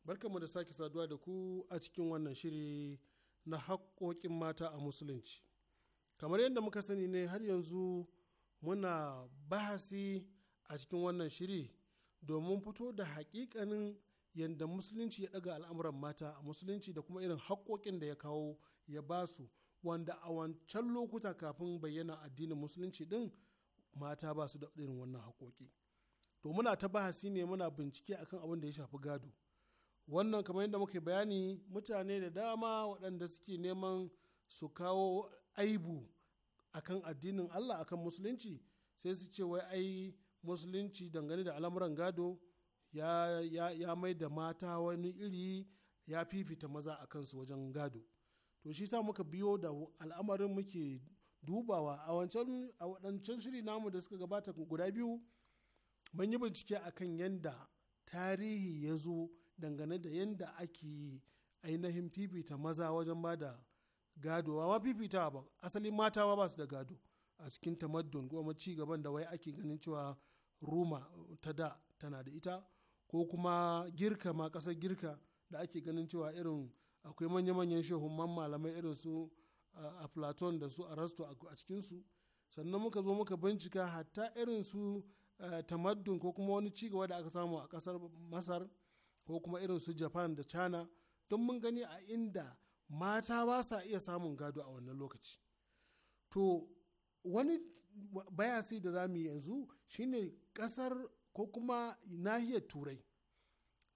barkanmu da sake saduwa da ku a cikin wannan shiri na haƙoƙin mata a musulunci kamar yadda muka sani ne har yanzu muna bahasi a cikin wannan shiri domin fito da hakikanin yadda musulunci ya daga al'amuran mata a musulunci da kuma irin haƙoƙin da ya kawo ya ba su wanda a wancan lokuta kafin bayyana addinin musulunci din mata ba su da irin wannan haƙoƙi to muna ta bahasi ne muna bincike akan abin da ya shafi gado wannan kamar yadda muke bayani mutane da dama waɗanda suke neman su kawo aibu akan addinin Allah akan musulunci sai su ce wai ai musulunci dangane da al'amuran gado ya, ya, ya mai da mata wani iri ya fifita maza a kansu wajen gado to shi sa muka biyo da al'amarin muke dubawa a wancan shiri namu da suka gabata guda biyu mun yi bincike akan yadda tarihi ya zo dangane da yadda ake ainihin fifita maza wajen ba da gado ba fifita ba asalin mata ba su da gado a cikin tamaddun kuma ci gaban da wai ake ganin cewa roma ta da tana da ita ko kuma girka ma kasar girka da ake ganin cewa irin akwai manya-manyan man malamai irin su a platon da su arasto a cikin su sannan muka zo muka bincika hatta irin su tamaddun ko kuma wani gaba da aka samu a kasar masar ko kuma irin su japan da china don mun gani a inda mata ba sa iya samun gado a wannan lokaci to wani bayasi da za mu yi yanzu shine kasar ko kuma nahiyar turai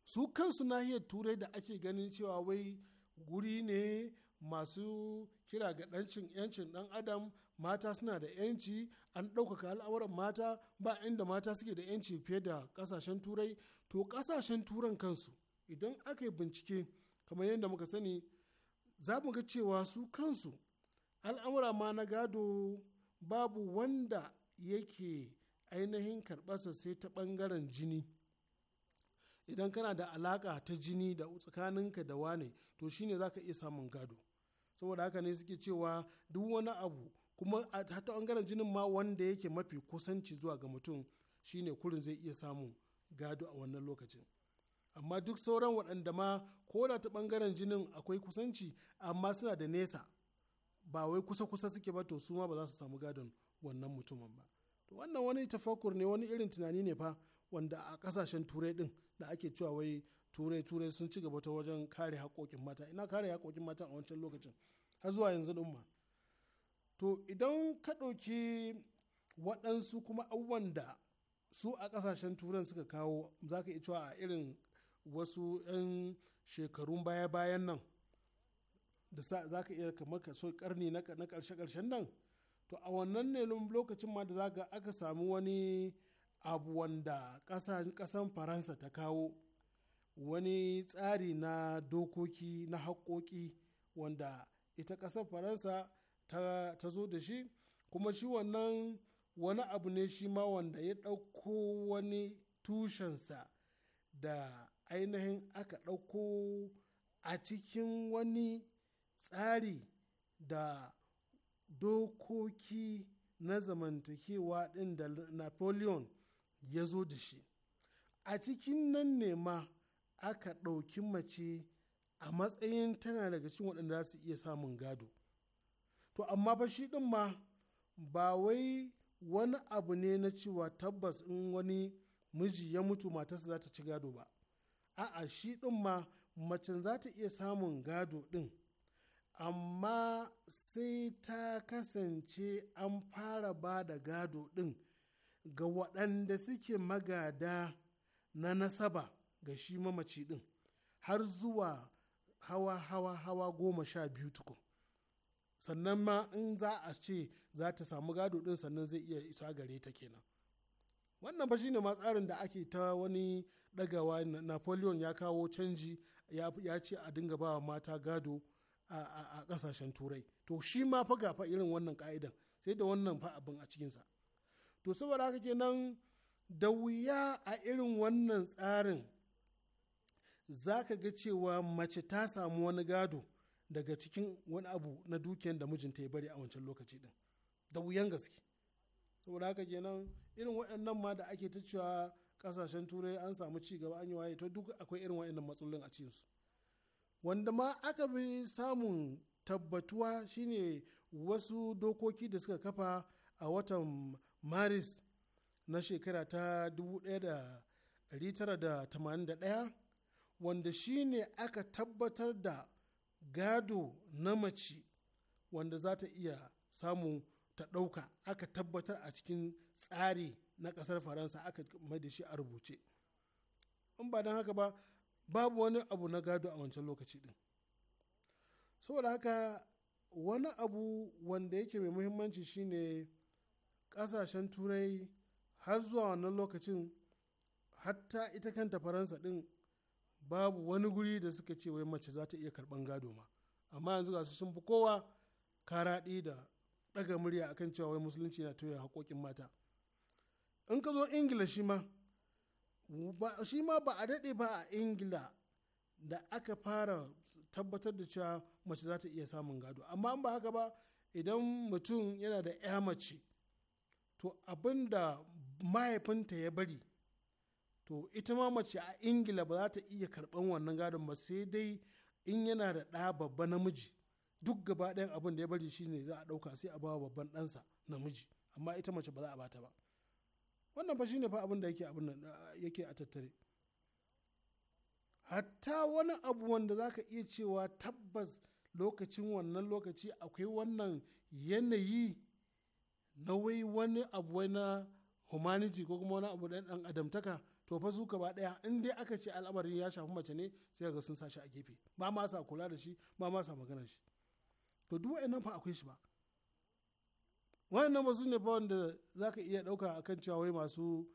su kansu nahiyar turai da ake ganin cewa wai guri ne masu kira ga ɗancin yancin ɗan adam mata suna da yanci an ɗaukaka al'amuran mata ba inda mata suke da yanci fiye da ƙasashen turai to ƙasashen turan kansu idan aka yi bincike kamar yadda muka sani za mu ga cewa su kansu al'amura ma na gado babu wanda yake ainihin karɓarsa sai ta ɓangaren jini idan kana da alaƙa ta jini da tsakaninka da wane to shine za ka iya samun gado saboda haka ne suke cewa duk wani abu kuma ta ɓangaren jinin ma wanda yake mafi kusanci zuwa ga mutum shine kurin zai iya samun gado a wannan lokacin amma duk sauran waɗanda ma ko da ta ɓangaren jinin akwai kusanci amma suna da nesa ba wai kusa-kusa suke ba to suma ma ba za su samu gadon wannan mutumin ba to wannan wani tafakur ne wani irin tunani ne fa wanda a kasashen turai din da ake cewa wai turai turai sun ci gaba ta wajen kare haƙoƙin mata ina kare haƙoƙin mata a wancan lokacin har zuwa yanzu din ma to idan ka ɗauki waɗansu kuma abubuwan da su a ƙasashen turai suka kawo za ka iya cewa a irin wasu 'yan shekarun baya-bayan nan da za ka iya kamar ka so karni na karshe-karshen nan to a wannan ne lokacin ma da za ka aka samu wani abu wanda kasan faransa ta kawo wani tsari na dokoki na haƙoƙi wanda ita ƙasar faransa ta zo da shi kuma shi wannan wani abu ne shi ma wanda ya ɗauko wani tushensa da ainihin aka ɗauko a cikin wani tsari da dokoki na zamantakewa ɗin da napoleon ya zo da shi a cikin nan ne ma aka ɗauki mace a matsayin tana daga cikin waɗanda za su iya samun gado to amma fa shi ɗin ma ba wai wani abu ne na cewa tabbas in wani miji ya mutu matarsa za ta ci gado ba a'a shi ɗin ma macin za ta iya samun gado ɗin amma sai ta kasance an fara ba da gado ɗin ga waɗanda suke magada na nasaba ga shi mamaci ɗin har zuwa hawa hawa hawa goma sha biyu tukun sannan ma in za a ce za ta samu gado ɗin sannan zai iya isa gare ta kenan wannan fa shine ma tsarin da ake ta wani dagawa napoleon ya kawo canji ya ce a dinga ba mata gado a kasashen turai to shi ma fa gafa irin wannan ka'idan sai da wannan fa abin a cikinsa to saboda haka kenan da wuya a irin wannan tsarin za ka ga cewa mace ta samu wani gado daga cikin wani abu na dukiyar da mijinta ya bari a wancan lokaci din da wuyan gaske saboda haka kenan irin waɗannan ma da ake ta cewa ƙasashen turai an samu ci gaba an yi waye to duk akwai irin waɗannan matsalolin a cikinsu wanda ma aka bi samun tabbatuwa shine wasu dokoki da suka kafa a watan maris na shekara ta 1981 wanda shine aka tabbatar da gado na mace wanda za ta iya samun. ta ɗauka aka tabbatar a cikin tsari na ƙasar faransa aka mai da shi a rubuce in ba don haka ba babu wani abu na gado a wancan lokaci din saboda haka wani abu wanda yake mai muhimmanci shine ƙasashen turai har zuwa wannan lokacin hatta ita kanta faransa din babu wani guri da suka ce wai mace za ta iya karban gado ma amma yanzu ga su sun fi kowa karaɗi da daga murya akan cewa wai musulunci na toya haƙoƙin mata in ka zo ingila shi ma shi ma ba a daɗe ba a ingila da aka fara tabbatar da cewa mace za ta iya samun gado amma ba haka ba idan mutum yana da 'ya mace to abin da mahaifinta ya bari to ita ma mace a ingila ba za ta iya karɓan wannan gadon ba sai dai in yana da ɗa babba namiji duk gaba ɗayan abin da ya bari shine za a ɗauka sai a bawa babban ɗansa namiji amma ita mace ba za a bata ba wannan ba shine fa abin da yake abin yake a tattare hatta wani abu wanda zaka iya cewa tabbas lokacin wannan lokaci akwai wannan yanayi na wai wani abu na humanity ko kuma wani abu ɗan adamtaka to fa su gaba ɗaya in dai aka ce al'amarin ya shafi mace ne sai ga sun sa shi a gefe ba ma sa kula da shi ba ma sa magana shi to duk wa'annan fa akwai shi ba wa'annan ba su ne fa wanda za ka iya ɗauka kan cewa wai masu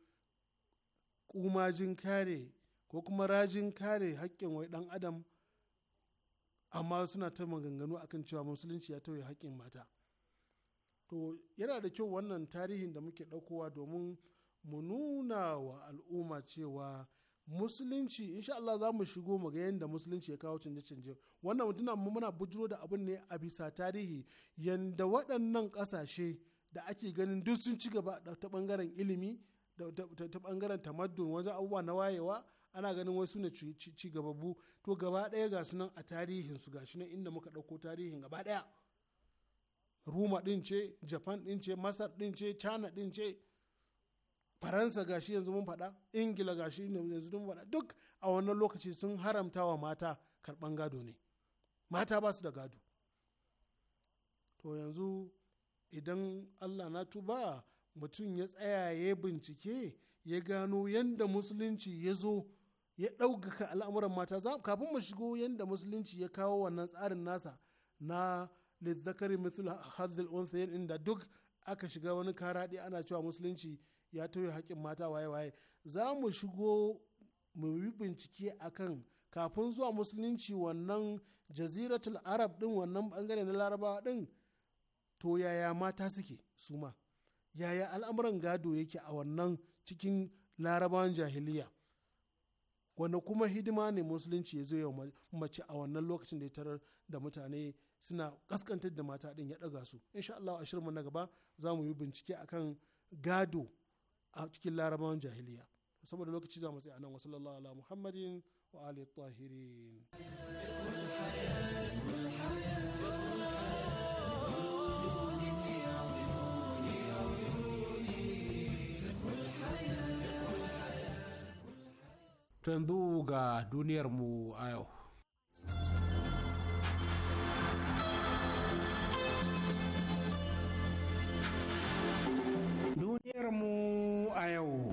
kumajin kare ko kuma rajin kare haƙƙin wai ɗan adam amma suna ta maganganu kan cewa musulunci ya tauye haƙƙin mata to yana da kyau wannan tarihin da muke ɗaukowa domin mu nuna wa al'umma cewa musulunci insha Allah za mu shigo mu ga yanda musulunci ya kawo canje-canje wannan mutuna muna bujiro da abin ne a bisa tarihi yadda waɗannan ƙasashe da ake ganin duk sun ci gaba ta ɓangaren ilimi da ta ɓangaren tamaddun wajen abubuwa na wayewa ana ganin wai su ne ci gababu to gaba ɗaya ga su nan a tarihin su ga nan inda muka ɗauko tarihin gaba ɗaya ruma ɗin ce japan ɗin ce masar ɗin ce china ɗin ce faransa gashi yanzu mun faɗa ingila gashi yanzu mun faɗa duk a wannan lokaci sun haramta wa mata karɓan gado ne mata ba su da gado to yanzu idan allah na tuba mutum ya tsaya ya bincike ya gano yadda musulunci ya zo ya ɗaukaka al'amuran mata kafin mu shigo yadda musulunci ya kawo wannan tsarin nasa na lizzakari mithlu hadzil unsayin inda duk aka shiga wani karaɗe ana cewa musulunci ya toye haƙƙin mata waye waye za mu shigo mu yi bincike akan kafin zuwa musulunci wannan jaziratul arab din wannan bangare na larabawa din to yaya mata suke su ma yaya al'amuran gado yake a wannan cikin larabawan jahiliya wanda kuma hidima ne musulunci ya zo ya mace a wannan lokacin da ya tarar da mutane suna kaskantar da mata din ya ɗaga su insha Allah a mu na gaba za mu yi bincike akan gado a cikin larabawan jahiliya saboda lokaci za mu a nan wasu sallallahu ala muhammadin wa ali tahirin yanzu ga duniyarmu a yau duniyarmu a yau.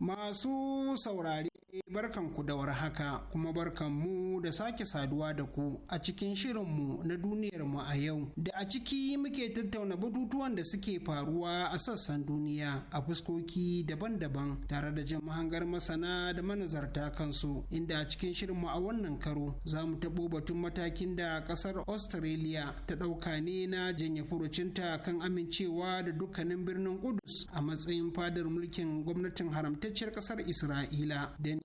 Masu saurare Eh, barkan ku da warhaka kuma barkan mu da sake saduwa da ku a cikin shirinmu na duniyar mu a yau da a ciki muke tattauna batutuwan da suke faruwa a sassan duniya a fuskoki daban-daban tare da jin mahangar masana da manazarta kansu inda a cikin shirinmu a wannan karo za mu taɓo batun matakin da ƙasar australia ta ɗauka ne na janye furucinta kan amincewa da dukkanin birnin kudus a matsayin fadar mulkin gwamnatin haramtacciyar ƙasar isra'ila da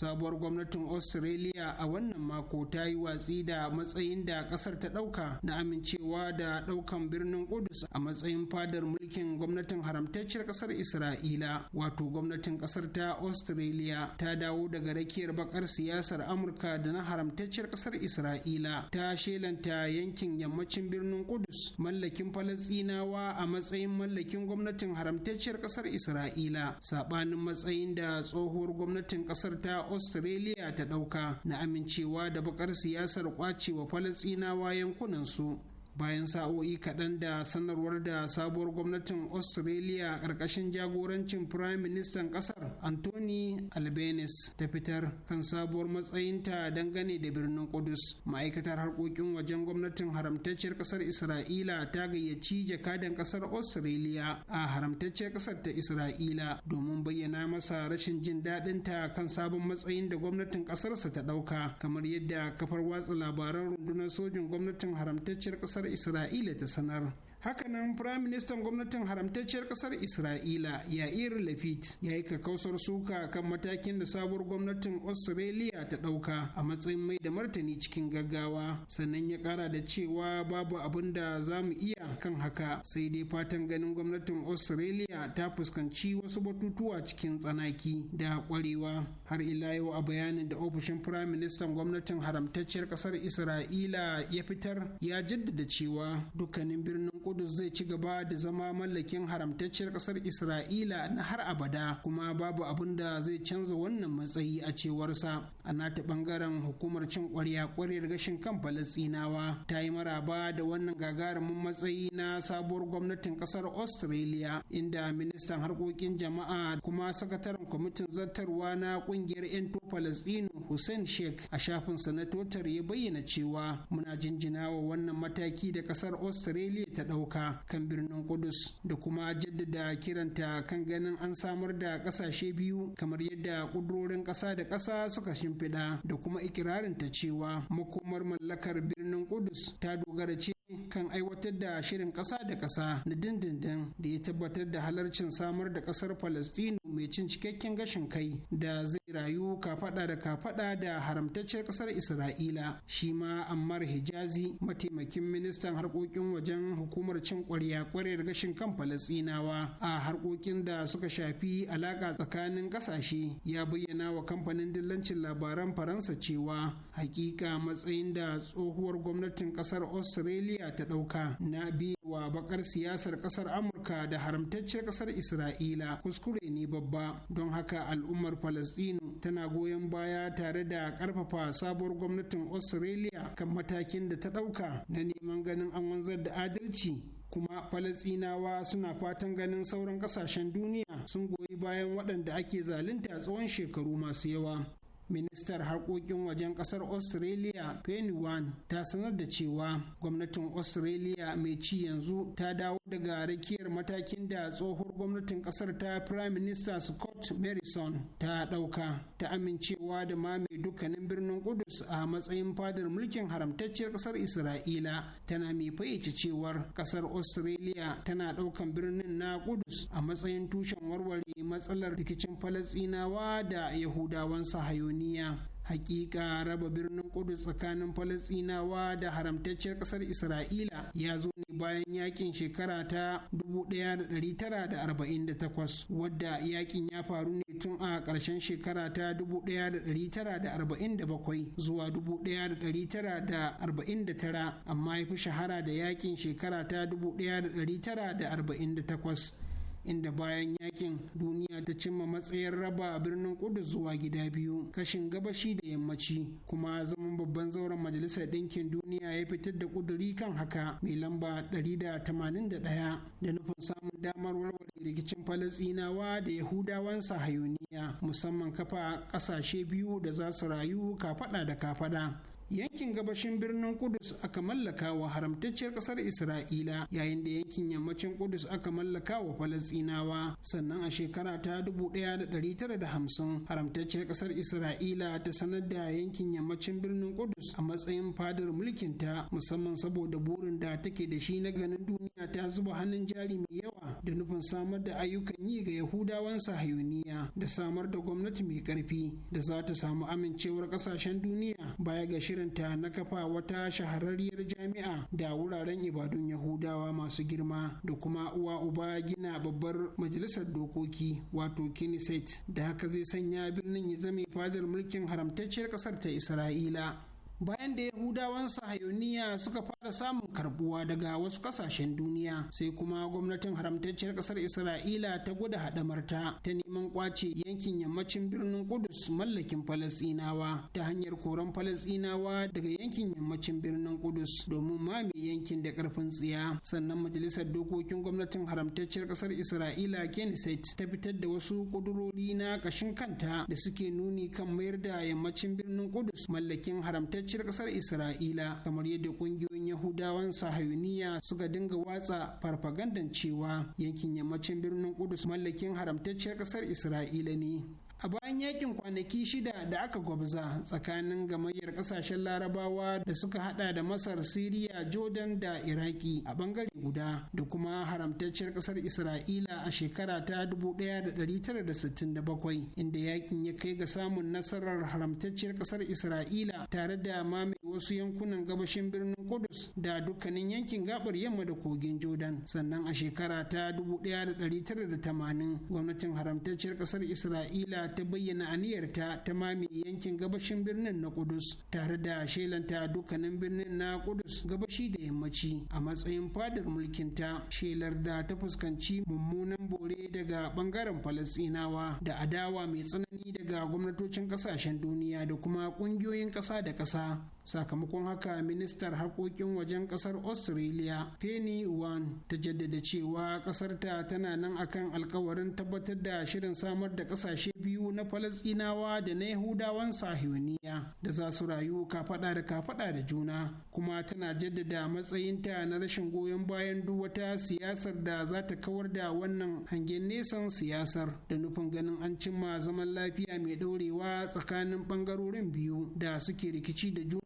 sabuwar gwamnatin australia a wannan mako ta yi watsi da matsayin da kasar ta dauka na amincewa da daukan birnin kudus a matsayin fadar mulkin gwamnatin haramtacciyar kasar isra'ila wato gwamnatin kasar ta australia ta dawo daga rakiyar bakar siyasar amurka da na haramtacciyar kasar isra'ila ta shelanta yankin yammacin birnin kudus mallakin falastinawa a matsayin mallakin gwamnatin haramtacciyar kasar isra'ila saɓanin matsayin da tsohuwar gwamnatin kasar ta australia ta ɗauka na amincewa da bakar siyasar kwacewa falasinawa yankunansu bayan sa'o'i kaɗan da sanarwar da sabuwar gwamnatin australia ƙarƙashin jagorancin prime ministan ƙasar anthony albanese ta fitar kan sabuwar matsayinta dangane da birnin kudus ma'aikatar harkokin wajen gwamnatin haramtacciyar ƙasar isra'ila ta gayyaci jakadan ƙasar australia a haramtacciyar ƙasar ta isra'ila domin bayyana masa rashin jin daɗinta kan sabon matsayin da gwamnatin ƙasarsa ta ɗauka kamar yadda kafar watsa labaran rundunar sojin gwamnatin haramtacciyar ƙasar isra'ila ta sanar hakanan prime ministan gwamnatin haramtacciyar kasar isra'ila yair lafit ya yi kakausar suka kan matakin da sabuwar gwamnatin australia ta ɗauka a matsayin mai da martani cikin gaggawa sannan ya ƙara da cewa babu abin da za mu iya kan haka sai dai fatan ganin gwamnatin australia ta fuskanci wasu batutuwa cikin tsanaki da ƙwarewa har ila yau a bayanin da ofishin prime ministan gwamnatin haramtacciyar kasar isra'ila ya fitar ya jaddada cewa dukkanin birnin kudu Kudus zai ci gaba da zama mallakin haramtacciyar ƙasar Isra'ila na har abada kuma babu abin da zai canza wannan matsayi a cewarsa. A nata ɓangaren hukumar cin ƙwarya ƙwaryar gashin kan Falasinawa ta yi maraba da wannan gagarumin matsayi na sabuwar gwamnatin ƙasar Australia inda ministan harkokin jama'a kuma sakataren kwamitin zartarwa na ƙungiyar 'yan Falasɗinu Hussein Sheikh a shafinsa na Twitter ya bayyana cewa muna jinjina wa wannan mataki da ƙasar Australia ta sauka kan birnin Kudus da kuma jaddada kiranta kan ganin an samar da kasashe biyu kamar yadda ƙudurorin ƙasa da ƙasa suka shimfiɗa da kuma ikirarin ta cewa makomar mallakar birnin Kudus ta dogara ce kan aiwatar da shirin ƙasa da ƙasa na dindindin da ya tabbatar da halarcin samar da ƙasar palestino mai cin cikakken gashin kai da zai rayu kafaɗa da kafaɗa da haramtaccen ƙasar Isra'ila shi ma Ammar Hijazi mataimakin ministan harkokin wajen hukumar Al'ummar cin kwarya ƙwarar gashin kan falasinawa a harkokin da suka shafi alaƙa tsakanin ƙasashe ya bayyana wa kamfanin dillancin labaran faransa cewa hakika matsayin da tsohuwar gwamnatin ƙasar australia ta ɗauka na wa bakar siyasar ƙasar amurka da haramtacciyar ƙasar isra'ila kuskure ne babba don haka al'ummar falasɗinu tana goyon baya tare da ƙarfafa sabuwar gwamnatin australia kan matakin da ta ɗauka na neman ganin an wanzar da adalci kuma falasinawa suna fatan ganin sauran kasashen duniya sun goyi bayan waɗanda ake zalunta tsawon shekaru masu yawa ministar harkokin wajen kasar australia penny wan ta sanar da cewa gwamnatin australia mai ci yanzu ta dawo daga rakiyar matakin da tsohuwar gwamnatin kasar ta prime minister scott morrison ta ɗauka ta amincewa da mame dukkanin birnin kudus a matsayin fadar mulkin haramtacciyar kasar isra'ila tana mai fayyace cewar kasar australia tana ɗaukan birnin na kudus a matsayin tushen warware matsalar rikicin falasinawa da yahudawan sahayoniya hakika raba birnin kudu tsakanin falasinawa da haramtacciyar kasar isra'ila ya zo ne bayan yakin shekara ta 1948 wadda yakin ya faru ne tun a ƙarshen shekara ta 1947 zuwa 1949 amma ya fi shahara da yakin shekara ta 1948 inda bayan yakin duniya ta cimma matsayin raba birnin Kudu zuwa gida biyu kashin gabashi da yammaci kuma zaman babban zauren majalisar ɗinkin duniya ya fitar da kuduri kan haka mai lamba 181 da nufin samun damar warware rikicin falasinawa da yahudawan sahayuniya musamman kafa ƙasashe biyu da za su rayu kafaɗa da kafaɗa yankin gabashin birnin kudus aka mallaka wa haramtacciyar kasar isra'ila yayin da yankin yammacin kudus aka mallaka wa falasinawa sannan a shekara ta 1950 haramtacciyar kasar isra'ila ta sanar da yankin yammacin birnin kudus a matsayin fadar mulkinta musamman saboda burin da take da shi na ganin duniya ta zuba hannun jari mai yawa da nufin samar da ayyukan yi ga yahudawan sahayuniya da samar da gwamnati mai karfi da za ta samu amincewar kasashen duniya baya ga shirin shirinta na kafa wata shahararriyar jami'a da wuraren ibadun yahudawa masu girma da kuma uwa uba gina babbar majalisar dokoki wato kiniset da haka zai sanya birnin ya zame fadar mulkin haramtacciyar ƙasar ta isra'ila bayan da yahudawan sahayoniya suka fara samun karbuwa daga wasu kasashen duniya sai kuma gwamnatin haramtacciyar kasar isra'ila ta gwada hadamarta ta neman kwace yankin yammacin birnin kudus mallakin falasinawa ta hanyar koran falasinawa daga yankin yammacin birnin kudus domin mame yankin da karfin tsiya sannan majalisar dokokin gwamnatin haramtacciyar kasar isra'ila kenneth ta fitar da wasu kudurori na kashin kanta da suke nuni kan mayar da yammacin birnin kudus mallakin haramtacciyar haramtacciyar kasar isra'ila kamar yadda ƙungiyoyin yahudawan sahayuniya suka dinga watsa farfagandan cewa yankin yammacin birnin kudus mallakin haramtacciyar ƙasar isra'ila ne a bayan yakin kwanaki shida da aka gwabza tsakanin gamayyar kasashen larabawa da suka hada da masar siriya jordan da iraki a bangare guda da kuma haramtacciyar kasar isra'ila a shekara ta 1967 inda yakin ya kai ga samun nasarar haramtacciyar kasar isra'ila tare da mame wasu yankunan gabashin birnin kudus da dukkanin yankin gabar yamma da kogin jordan sannan a shekara ta 1980 gwamnatin haramtacciyar kasar isra'ila ta bayyana aniyarta ta mame yankin gabashin birnin na Kudus tare da shelanta dukkanin birnin na Kudus gabashi da yammaci a matsayin fadar mulkinta shelar da ta fuskanci mummunan bore daga bangaren Falasɗinawa da adawa mai tsanani daga gwamnatocin kasashen duniya da kuma ƙungiyoyin kasa da kasa. sakamakon haka ministar harkokin wajen kasar australia penny wan ta jaddada cewa kasar ta tana nan akan alkawarin tabbatar da shirin samar da kasashe biyu na falasinawa da na yahudawan sahiwaniya da za su rayu kafada da kafada da juna kuma tana jaddada matsayinta na rashin goyon bayan duk wata siyasar da za ta kawar da wannan hangen nesan siyasar da nufin ganin an cimma zaman lafiya mai ɗorewa tsakanin ɓangarorin biyu da suke rikici da juna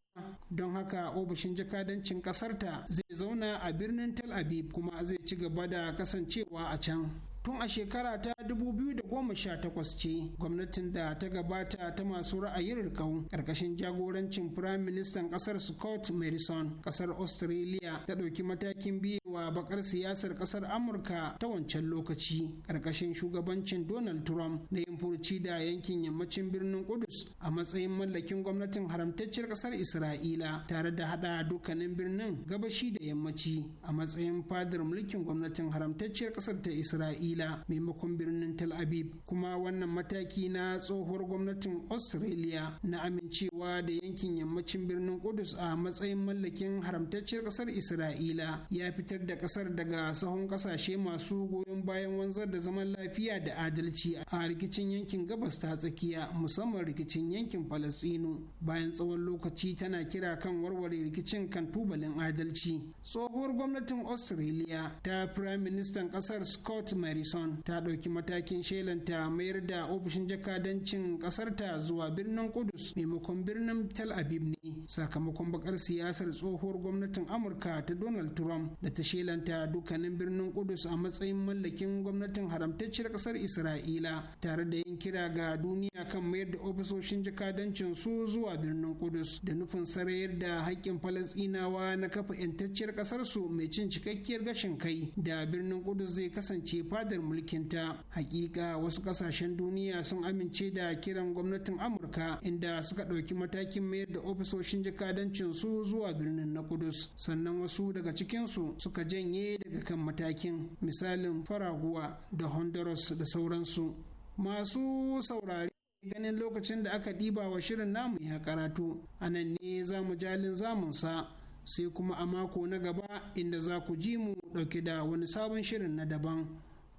don haka ofishin jakadancin ƙasarta zai zauna a birnin tel aviv kuma zai ci gaba da kasancewa a can tun a shekara ta 2018 ce gwamnatin da ta gabata ta masu ra'ayin rikau ƙarƙashin jagorancin firayim ministan ƙasar scott morrison ƙasar australia ta ɗauki matakin biyu wa bakar siyasar kasar amurka ta wancan lokaci ƙarƙashin shugabancin donald trump na yin furci da yankin yammacin birnin kudus a matsayin mallakin gwamnatin haramtacciyar kasar isra'ila tare da hada dukkanin birnin gabashi da yammaci a matsayin fadar mulkin gwamnatin haramtacciyar kasar ta isra'ila maimakon birnin tel aviv kuma wannan mataki na tsohuwar gwamnatin australia na amincewa da yankin yammacin birnin kudus a matsayin mallakin haramtacciyar kasar isra'ila ya fitar fitar da kasar daga sahun kasashe masu goyon bayan wanzar da zaman lafiya da adalci a rikicin yankin gabas ta tsakiya musamman rikicin yankin falasino bayan tsawon lokaci tana kira kan warware rikicin kan tubalin adalci tsohuwar gwamnatin australia ta prime minister kasar scott morrison ta ɗauki matakin shelanta mayar da ofishin jakadancin kasar ta zuwa birnin kudus maimakon birnin tal aviv ne sakamakon bakar siyasar tsohuwar gwamnatin amurka ta donald trump da ta shelanta dukkanin birnin Kudus a matsayin mallakin gwamnatin haramtacciyar ƙasar Isra'ila tare da yin kira ga duniya kan mayar da ofisoshin jakadancin su zuwa birnin Kudus da nufin sarayar da haƙƙin Falasɗinawa na kafa 'yantacciyar kasar su mai cin cikakkiyar gashin kai da birnin Kudus zai kasance fadar mulkinta. Hakika wasu ƙasashen duniya sun amince da kiran gwamnatin Amurka inda suka ɗauki matakin mayar da ofisoshin jakadancin su zuwa birnin na Kudus sannan wasu daga cikinsu suka suka janye daga kan matakin misalin faraguwa da honduras da sauransu masu saurari ganin lokacin da aka ɗiba wa shirin namu ya karatu a nan ne za mu jalin zamunsa sai kuma a mako na gaba inda za ku ji mu ɗauke da wani sabon shirin na daban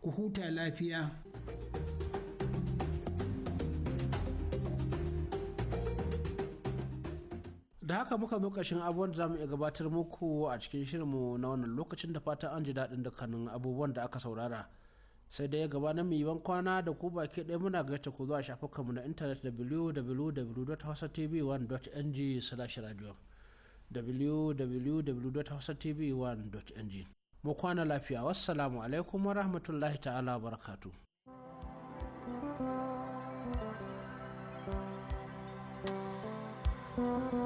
ku huta lafiya. da haka muka zo ƙashin abubuwan da zamu iya gabatar muku a cikin shirinmu na wannan lokacin da fata an ji daɗin dukkanin abubuwan da aka saurara sai dai ya gabanin mu ban kwana da ku baki ɗaya muna gaita ku zuwa shafukanmu na intanet www.hausatv1.ng slash radio www.hausatv1.ng mu kwana lafiya wassalamu alaikum wa rahmatullahi ta'ala wa barakatu. thank you